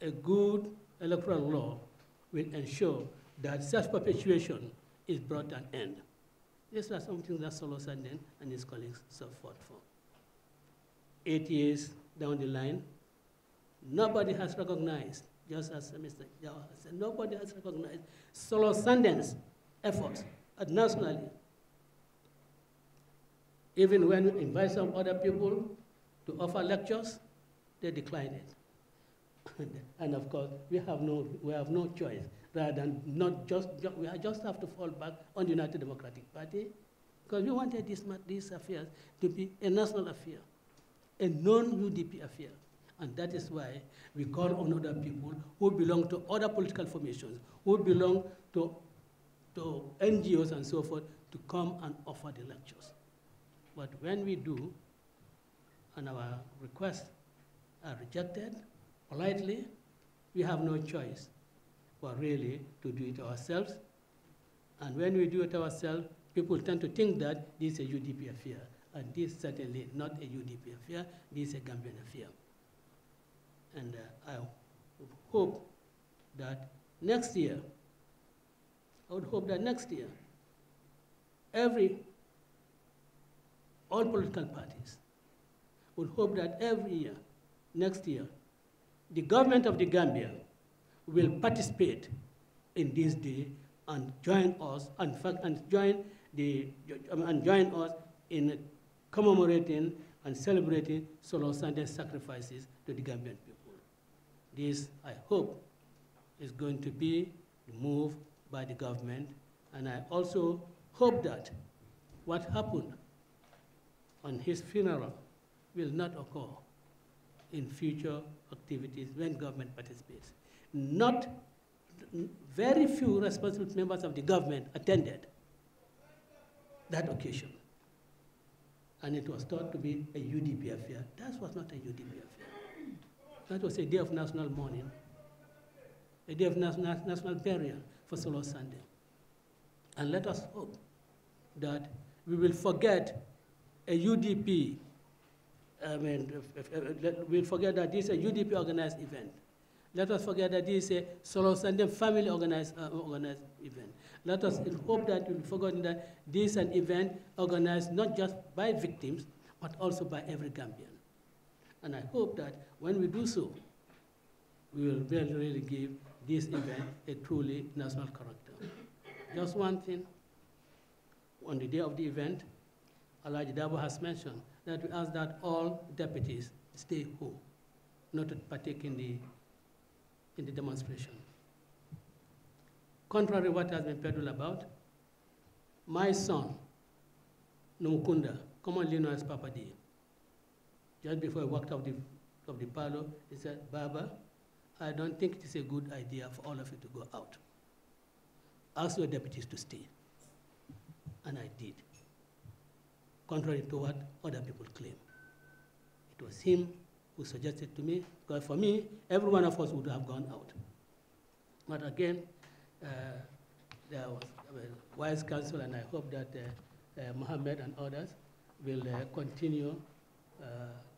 A good electoral law will ensure that self-perpetuation is brought an end. This was something that Solo Sanden and his colleagues so fought for. Eight years down the line, nobody has recognized, just as Mr. Jao said, nobody has recognized Solo Sanden's efforts at nationally. Even when we invite some other people, to offer lectures, they declined it. and of course, we have no, we have no choice rather than not just, we just have to fall back on the United Democratic Party because we wanted this these affairs to be a national affair, a non-UDP affair. And that is why we call on other people who belong to other political formations, who belong to, to NGOs and so forth, to come and offer the lectures. But when we do, and our requests are rejected politely, we have no choice but really to do it ourselves. And when we do it ourselves, people tend to think that this is a UDP affair. And this is certainly not a UDP affair, this is a Gambian affair. And uh, I hope that next year, I would hope that next year, every, all political parties we hope that every year, next year, the government of the Gambia will participate in this day and join us, and, and join the, and join us in commemorating and celebrating Solo Sunday's sacrifices to the Gambian people. This, I hope, is going to be the move by the government, and I also hope that what happened on his funeral will not occur in future activities when government participates. Not very few responsible members of the government attended that occasion. And it was thought to be a UDP affair. That was not a UDP affair. That was a day of national mourning, a day of national, national burial for Solo Sunday. And let us hope that we will forget a UDP I mean, if, if, if, we'll forget that this is a UDP organized event. Let us forget that this is a solo Sunday family organized, uh, organized event. Let us hope that we've forgotten that this is an event organized not just by victims, but also by every Gambian. And I hope that when we do so, we will really, really give this event a truly national character. Just one thing, on the day of the event, Alaji Dabo has mentioned that we ask that all deputies stay home, not to partake in the, in the demonstration. Contrary to what has been peddled about, my son, Numukunda, commonly known as Papa D, just before he walked out of the, of the parlor, he said, Baba, I don't think it is a good idea for all of you to go out. Ask your deputies to stay. And I did contrary to what other people claim. It was him who suggested to me, because for me, every one of us would have gone out. But again, uh, there was a wise counsel, and I hope that uh, uh, Mohammed and others will uh, continue uh,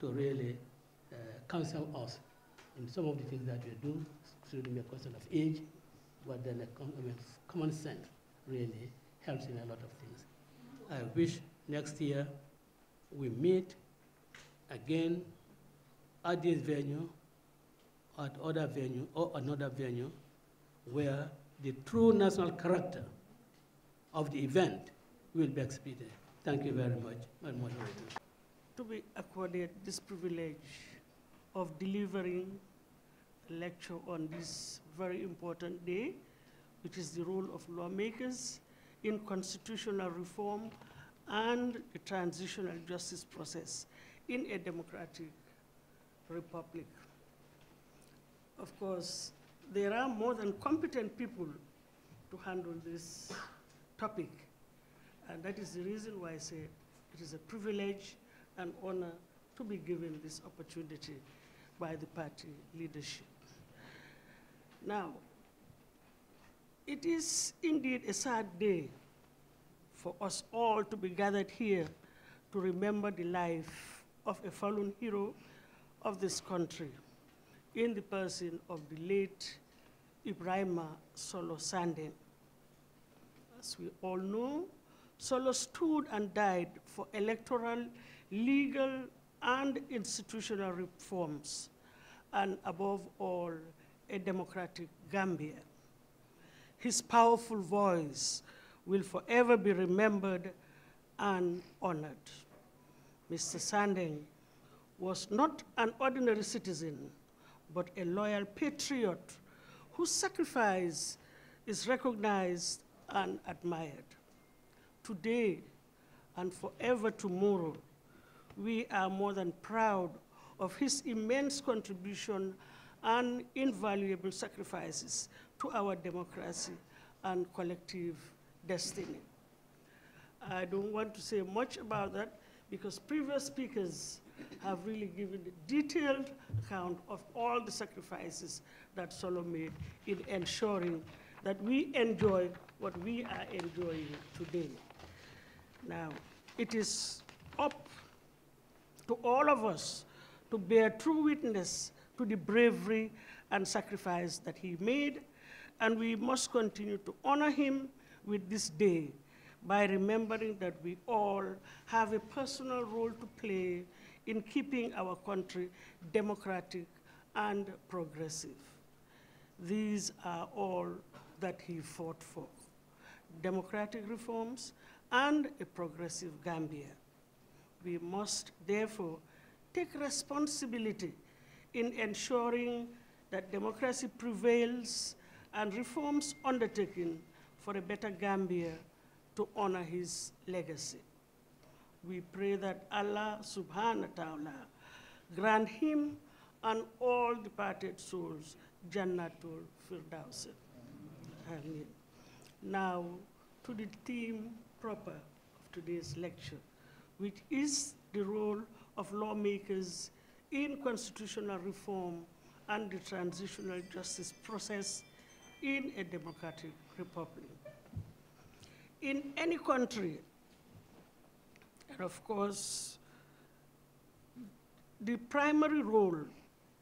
to really uh, counsel us in some of the things that we do, including a question of age, but then the common sense really helps in a lot of things. I wish next year we meet again at this venue, at other venue, or another venue, where the true national character of the event will be exhibited. Thank you very much, my moderator. To be accorded this privilege of delivering a lecture on this very important day, which is the role of lawmakers in constitutional reform and a transitional justice process in a democratic republic. Of course, there are more than competent people to handle this topic. And that is the reason why I say it is a privilege and honor to be given this opportunity by the party leadership. Now, it is indeed a sad day for us all to be gathered here to remember the life of a fallen hero of this country in the person of the late Ibrahima Solo Sande. As we all know, Solo stood and died for electoral, legal, and institutional reforms, and above all, a democratic Gambia. His powerful voice will forever be remembered and honored. Mr. Sanding was not an ordinary citizen, but a loyal patriot whose sacrifice is recognized and admired. Today and forever tomorrow, we are more than proud of his immense contribution and invaluable sacrifices to our democracy and collective destiny. I don't want to say much about that because previous speakers have really given a detailed account of all the sacrifices that Solomon made in ensuring that we enjoy what we are enjoying today. Now, it is up to all of us to bear true witness to the bravery and sacrifice that he made, and we must continue to honor him with this day by remembering that we all have a personal role to play in keeping our country democratic and progressive. These are all that he fought for, democratic reforms and a progressive Gambia. We must therefore take responsibility in ensuring that democracy prevails and reforms undertaken for a better Gambia to honor his legacy. We pray that Allah subhanahu wa ta'ala grant him and all departed souls Jannatul Firdaus. Amen. Now to the theme proper of today's lecture, which is the role of lawmakers in constitutional reform and the transitional justice process in a democratic republic. In any country, and of course, the primary role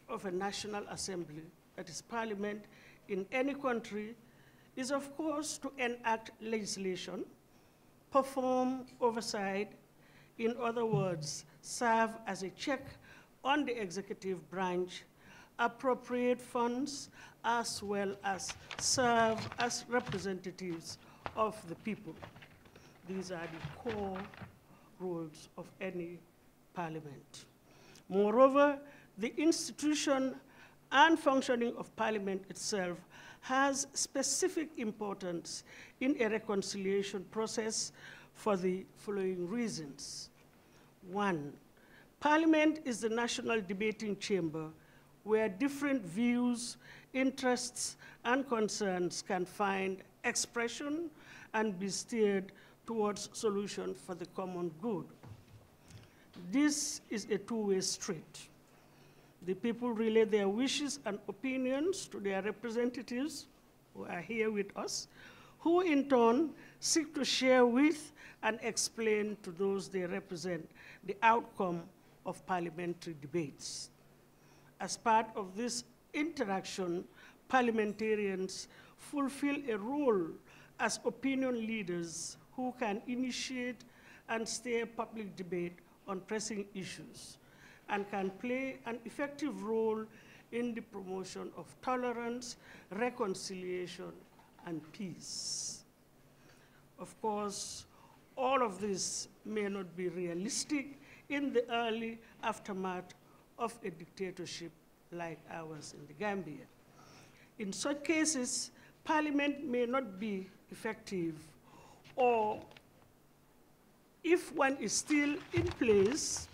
of a national assembly, that is parliament, in any country is of course to enact legislation, perform oversight, in other words, serve as a check on the executive branch appropriate funds, as well as serve as representatives of the people. These are the core rules of any parliament. Moreover, the institution and functioning of parliament itself has specific importance in a reconciliation process for the following reasons. One, parliament is the national debating chamber where different views, interests, and concerns can find expression and be steered towards solution for the common good. This is a two-way street. The people relay their wishes and opinions to their representatives who are here with us, who in turn seek to share with and explain to those they represent the outcome of parliamentary debates. As part of this interaction, parliamentarians fulfill a role as opinion leaders who can initiate and steer public debate on pressing issues and can play an effective role in the promotion of tolerance, reconciliation, and peace. Of course, all of this may not be realistic in the early aftermath of a dictatorship like ours in the Gambia. In such cases, parliament may not be effective or if one is still in place,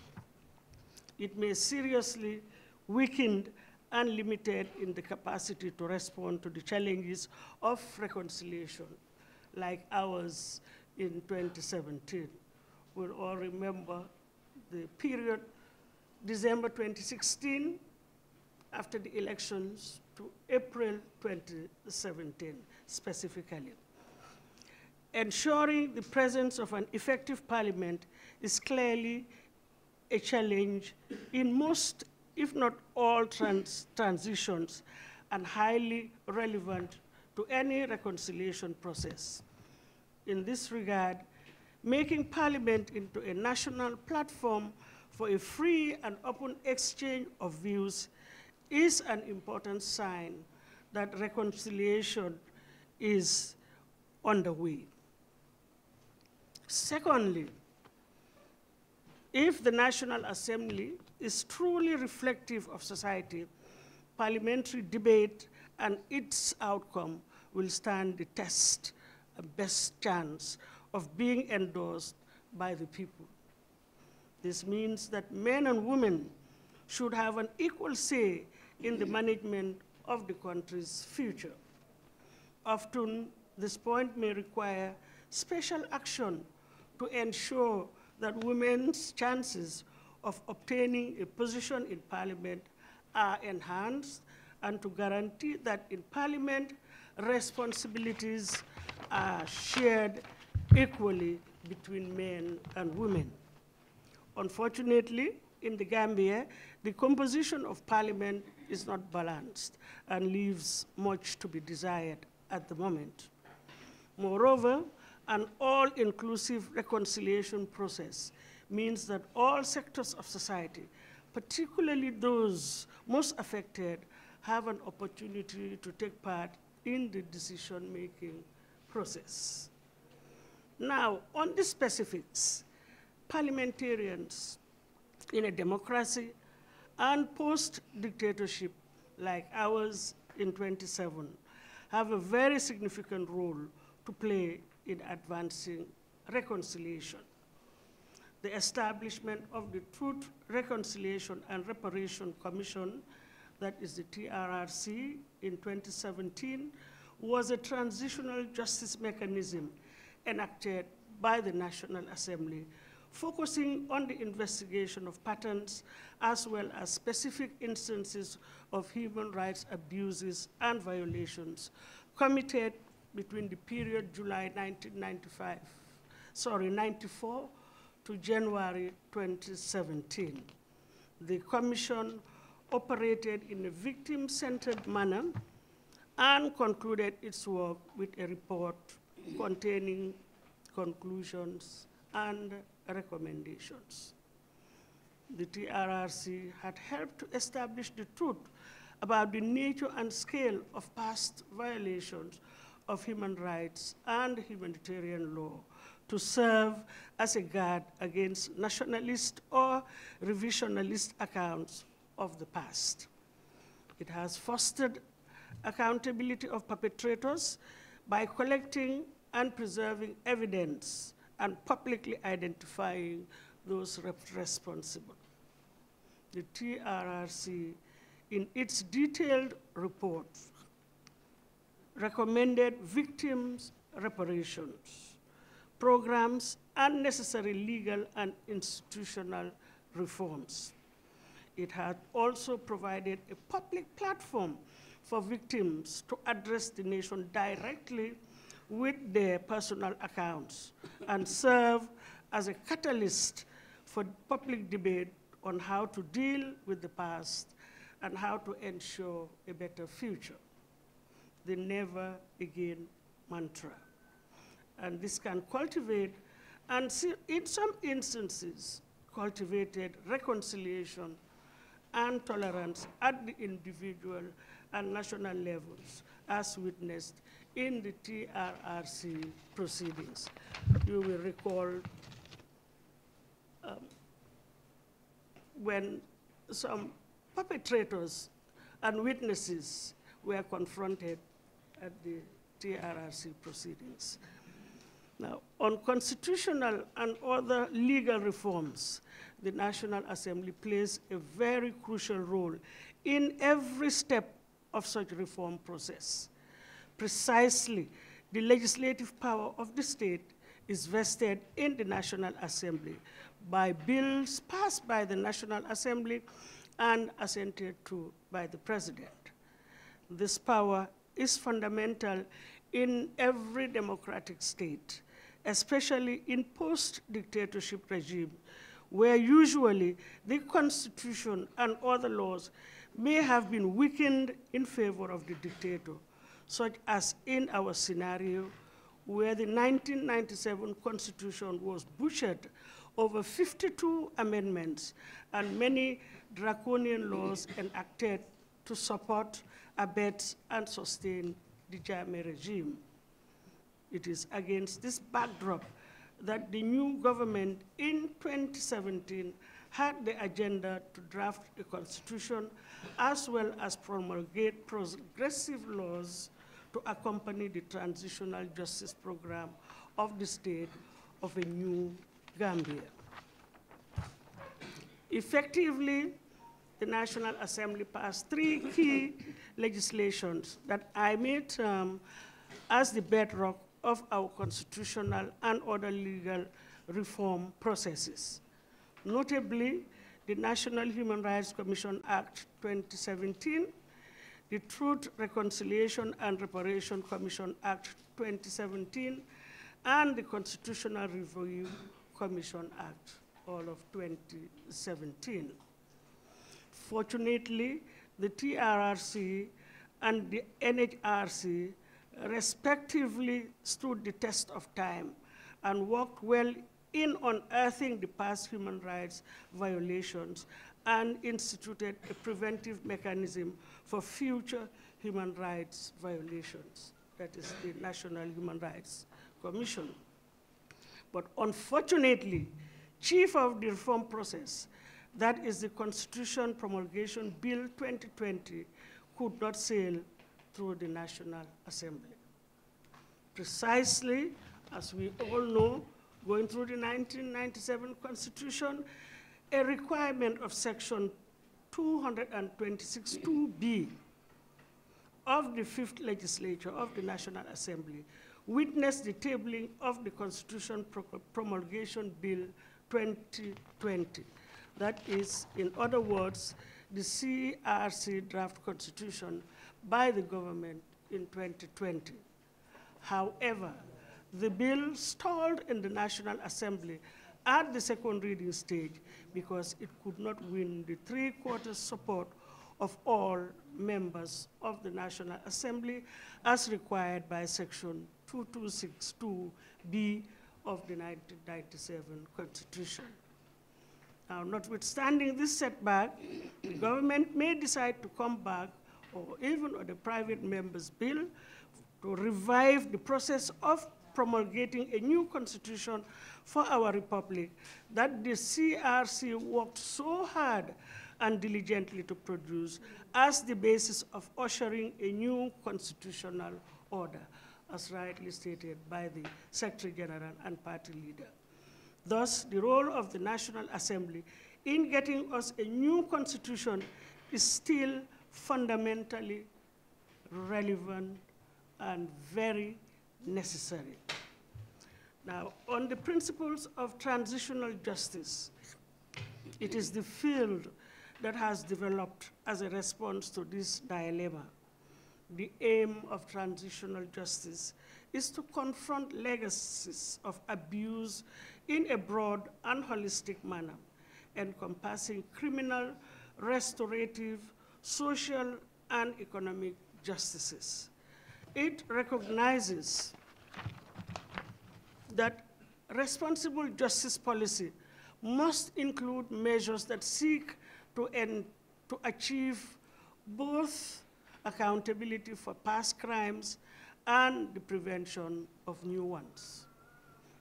it may seriously weaken and limited in the capacity to respond to the challenges of reconciliation like ours in 2017. We'll all remember the period December 2016, after the elections, to April 2017 specifically. Ensuring the presence of an effective parliament is clearly a challenge in most, if not all, trans transitions and highly relevant to any reconciliation process. In this regard, making parliament into a national platform for a free and open exchange of views is an important sign that reconciliation is underway. Secondly, if the National Assembly is truly reflective of society, parliamentary debate and its outcome will stand the test, a best chance of being endorsed by the people. This means that men and women should have an equal say in the management of the country's future. Often, this point may require special action to ensure that women's chances of obtaining a position in parliament are enhanced and to guarantee that in parliament responsibilities are shared equally between men and women. Unfortunately, in the Gambia, the composition of parliament is not balanced and leaves much to be desired at the moment. Moreover, an all-inclusive reconciliation process means that all sectors of society, particularly those most affected, have an opportunity to take part in the decision-making process. Now, on the specifics, parliamentarians in a democracy and post-dictatorship like ours in 27 have a very significant role to play in advancing reconciliation. The establishment of the Truth, Reconciliation and Reparation Commission, that is the TRRC, in 2017 was a transitional justice mechanism enacted by the National Assembly focusing on the investigation of patterns as well as specific instances of human rights abuses and violations committed between the period July 1995, sorry, 94 to January 2017. The commission operated in a victim-centered manner and concluded its work with a report containing conclusions and recommendations. The TRRC had helped to establish the truth about the nature and scale of past violations of human rights and humanitarian law to serve as a guard against nationalist or revisionist accounts of the past. It has fostered accountability of perpetrators by collecting and preserving evidence and publicly identifying those responsible. The TRRC, in its detailed report, recommended victims' reparations, programs, and necessary legal and institutional reforms. It had also provided a public platform for victims to address the nation directly with their personal accounts and serve as a catalyst for public debate on how to deal with the past and how to ensure a better future. The never again mantra. And this can cultivate, and in some instances, cultivated reconciliation and tolerance at the individual and national levels, as witnessed in the TRRC proceedings. You will recall um, when some perpetrators and witnesses were confronted at the TRRC proceedings. Now, on constitutional and other legal reforms, the National Assembly plays a very crucial role in every step of such reform process precisely the legislative power of the state is vested in the National Assembly by bills passed by the National Assembly and assented to by the President. This power is fundamental in every democratic state, especially in post-dictatorship regime, where usually the constitution and other laws may have been weakened in favor of the dictator such as in our scenario, where the 1997 Constitution was butchered over 52 amendments and many draconian laws enacted to support, abet, and sustain the JAM regime. It is against this backdrop that the new government in 2017 had the agenda to draft a constitution as well as promulgate progressive laws to accompany the transitional justice program of the state of a new Gambia. Effectively, the National Assembly passed three key legislations that I may term as the bedrock of our constitutional and other legal reform processes. Notably, the National Human Rights Commission Act 2017, the Truth, Reconciliation and Reparation Commission Act 2017 and the Constitutional Review Commission Act, all of 2017. Fortunately, the TRRC and the NHRC respectively stood the test of time and worked well in unearthing the past human rights violations and instituted a preventive mechanism for future human rights violations. That is the National Human Rights Commission. But unfortunately, chief of the reform process, that is the Constitution Promulgation Bill 2020, could not sail through the National Assembly. Precisely, as we all know, going through the 1997 Constitution, a requirement of section 226.2b of the fifth legislature of the National Assembly witnessed the tabling of the Constitution Promulgation Bill 2020. That is, in other words, the CRC draft constitution by the government in 2020. However, the bill stalled in the National Assembly at the second reading stage because it could not win the three-quarters support of all members of the National Assembly as required by Section 2262B of the 1997 Constitution. Now, notwithstanding this setback, the government may decide to come back or even on the private member's bill to revive the process of promulgating a new constitution for our republic that the CRC worked so hard and diligently to produce as the basis of ushering a new constitutional order, as rightly stated by the Secretary General and party leader. Thus, the role of the National Assembly in getting us a new constitution is still fundamentally relevant and very necessary. Now, on the principles of transitional justice, it is the field that has developed as a response to this dilemma. The aim of transitional justice is to confront legacies of abuse in a broad and holistic manner, encompassing criminal, restorative, social, and economic justices. It recognizes that responsible justice policy must include measures that seek to, end, to achieve both accountability for past crimes and the prevention of new ones.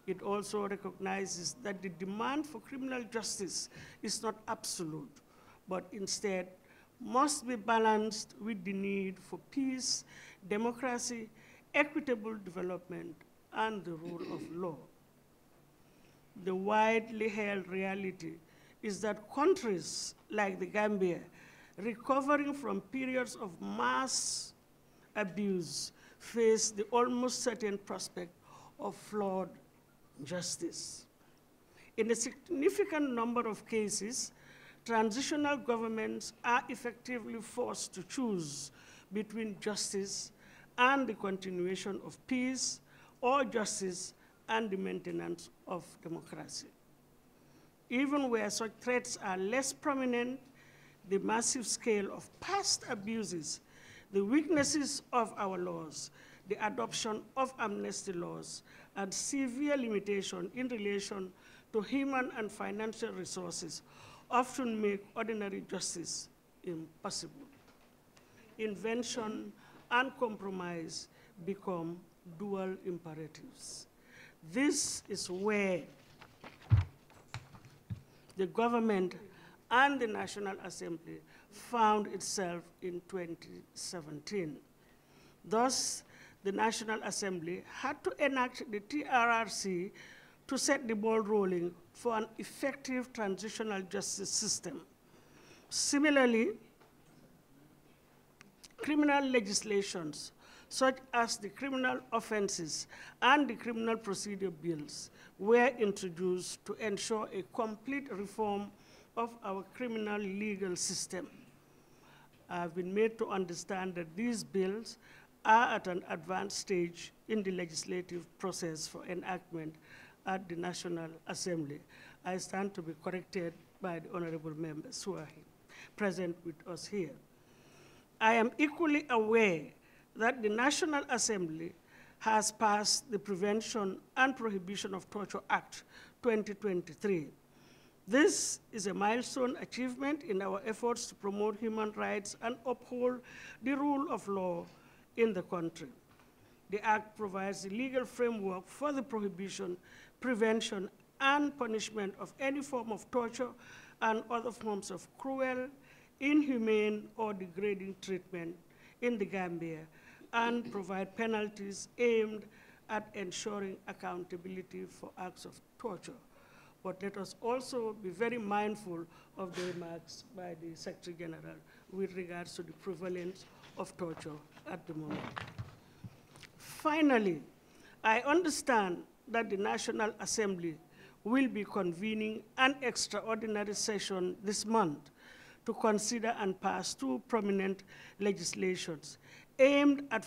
It also recognizes that the demand for criminal justice is not absolute, but instead must be balanced with the need for peace democracy, equitable development, and the rule of law. The widely held reality is that countries like the Gambia, recovering from periods of mass abuse, face the almost certain prospect of flawed justice. In a significant number of cases, transitional governments are effectively forced to choose between justice and the continuation of peace or justice and the maintenance of democracy. Even where such threats are less prominent, the massive scale of past abuses, the weaknesses of our laws, the adoption of amnesty laws, and severe limitation in relation to human and financial resources often make ordinary justice impossible. Invention and compromise become dual imperatives. This is where the government and the National Assembly found itself in 2017. Thus, the National Assembly had to enact the TRRC to set the ball rolling for an effective transitional justice system. Similarly, criminal legislations, such as the criminal offenses and the criminal procedure bills, were introduced to ensure a complete reform of our criminal legal system. I've been made to understand that these bills are at an advanced stage in the legislative process for enactment at the National Assembly. I stand to be corrected by the honorable members who are present with us here. I am equally aware that the National Assembly has passed the Prevention and Prohibition of Torture Act 2023. This is a milestone achievement in our efforts to promote human rights and uphold the rule of law in the country. The Act provides the legal framework for the prohibition, prevention, and punishment of any form of torture and other forms of cruel, inhumane or degrading treatment in the Gambia and provide penalties aimed at ensuring accountability for acts of torture. But let us also be very mindful of the remarks by the Secretary General with regards to the prevalence of torture at the moment. Finally, I understand that the National Assembly will be convening an extraordinary session this month to consider and pass two prominent legislations aimed at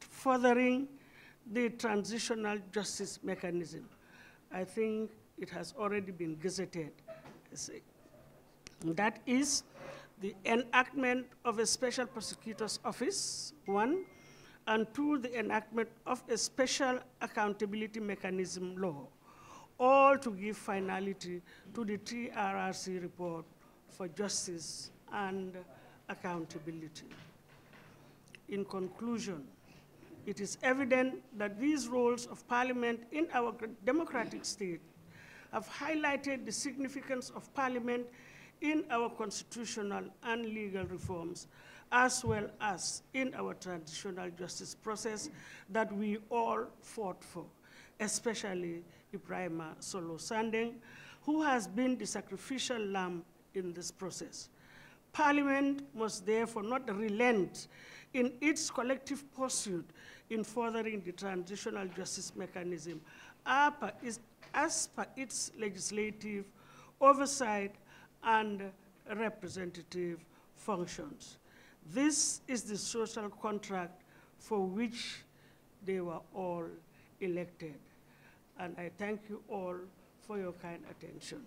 furthering the transitional justice mechanism. I think it has already been gazetted. That is the enactment of a special prosecutor's office, one, and two, the enactment of a special accountability mechanism law, all to give finality to the TRRC report for justice and accountability. In conclusion, it is evident that these roles of parliament in our democratic state have highlighted the significance of parliament in our constitutional and legal reforms, as well as in our traditional justice process that we all fought for, especially Iprima Solo Sanding, who has been the sacrificial lamb in this process. Parliament must therefore not relent in its collective pursuit in furthering the transitional justice mechanism as per its legislative oversight and representative functions. This is the social contract for which they were all elected. And I thank you all for your kind attention.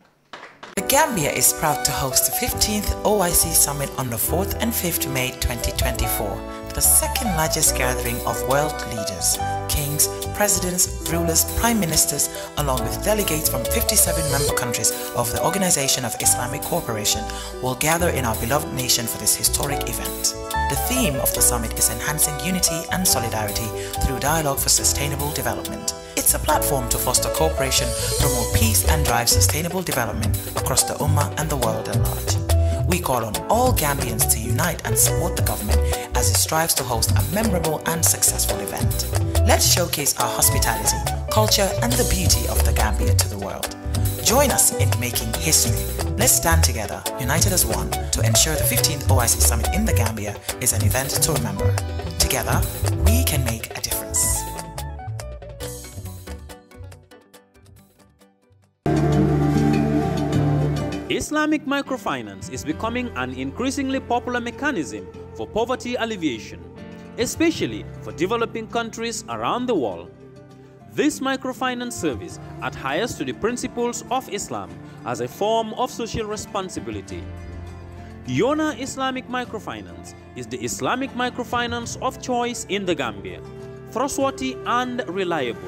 The Gambia is proud to host the 15th OIC Summit on the 4th and 5th May 2024, the second largest gathering of world leaders, kings, presidents, rulers, prime ministers, along with delegates from 57 member countries of the Organization of Islamic Cooperation will gather in our beloved nation for this historic event. The theme of the summit is enhancing unity and solidarity through dialogue for sustainable development. It's a platform to foster cooperation, promote peace and drive sustainable development across the Ummah and the world at large. We call on all Gambians to unite and support the government as it strives to host a memorable and successful event. Let's showcase our hospitality, culture and the beauty of the Gambia to the world. Join us in making history. Let's stand together, united as one, to ensure the 15th OIC Summit in the Gambia is an event to remember. Together, we can make Islamic microfinance is becoming an increasingly popular mechanism for poverty alleviation, especially for developing countries around the world. This microfinance service adheres to the principles of Islam as a form of social responsibility. Yona Islamic Microfinance is the Islamic microfinance of choice in the Gambia, trustworthy and reliable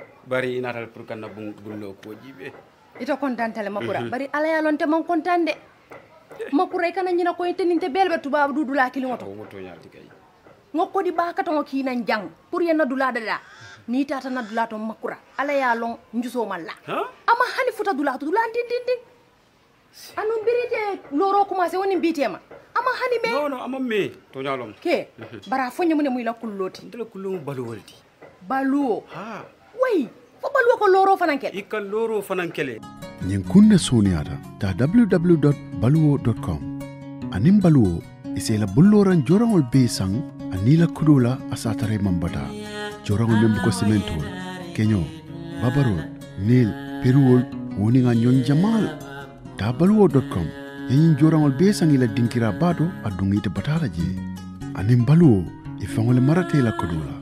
bari natal pour kanna gullo jibe ito le makura mhm. bari ala yalonte man contande makura e kana ñina koye teninte belɓe tubabu dudula kilimo to ba ɓa ngoki kinan jang pour ye nadula dada ni tata dula to makura ala ya lon jusomalla ama hani futa dula to dula din din din anu birite loro commencé woni mbitema ama hani me non non ama me to nyalom ke mhm. bara foñamune muyla kulloti ndela kullomu baluwoldi baluwo ha way foɓɓaluwo ko looroo kele i loro fanankele ikka loro fanankele ñin kunne suniyata ta www baluwo com anin baluwo isela bulloran joraŋol be saŋ la anila la a tara i maŋ bataa joraŋol meŋ buko sementol keño babarol nil peruwol woniŋa ñoŋ jamal ta baluwo com yeñin joraŋol be saŋ ila dinkira bato a duŋ ite bataa la jee aniŋ baluwo i marata marate la la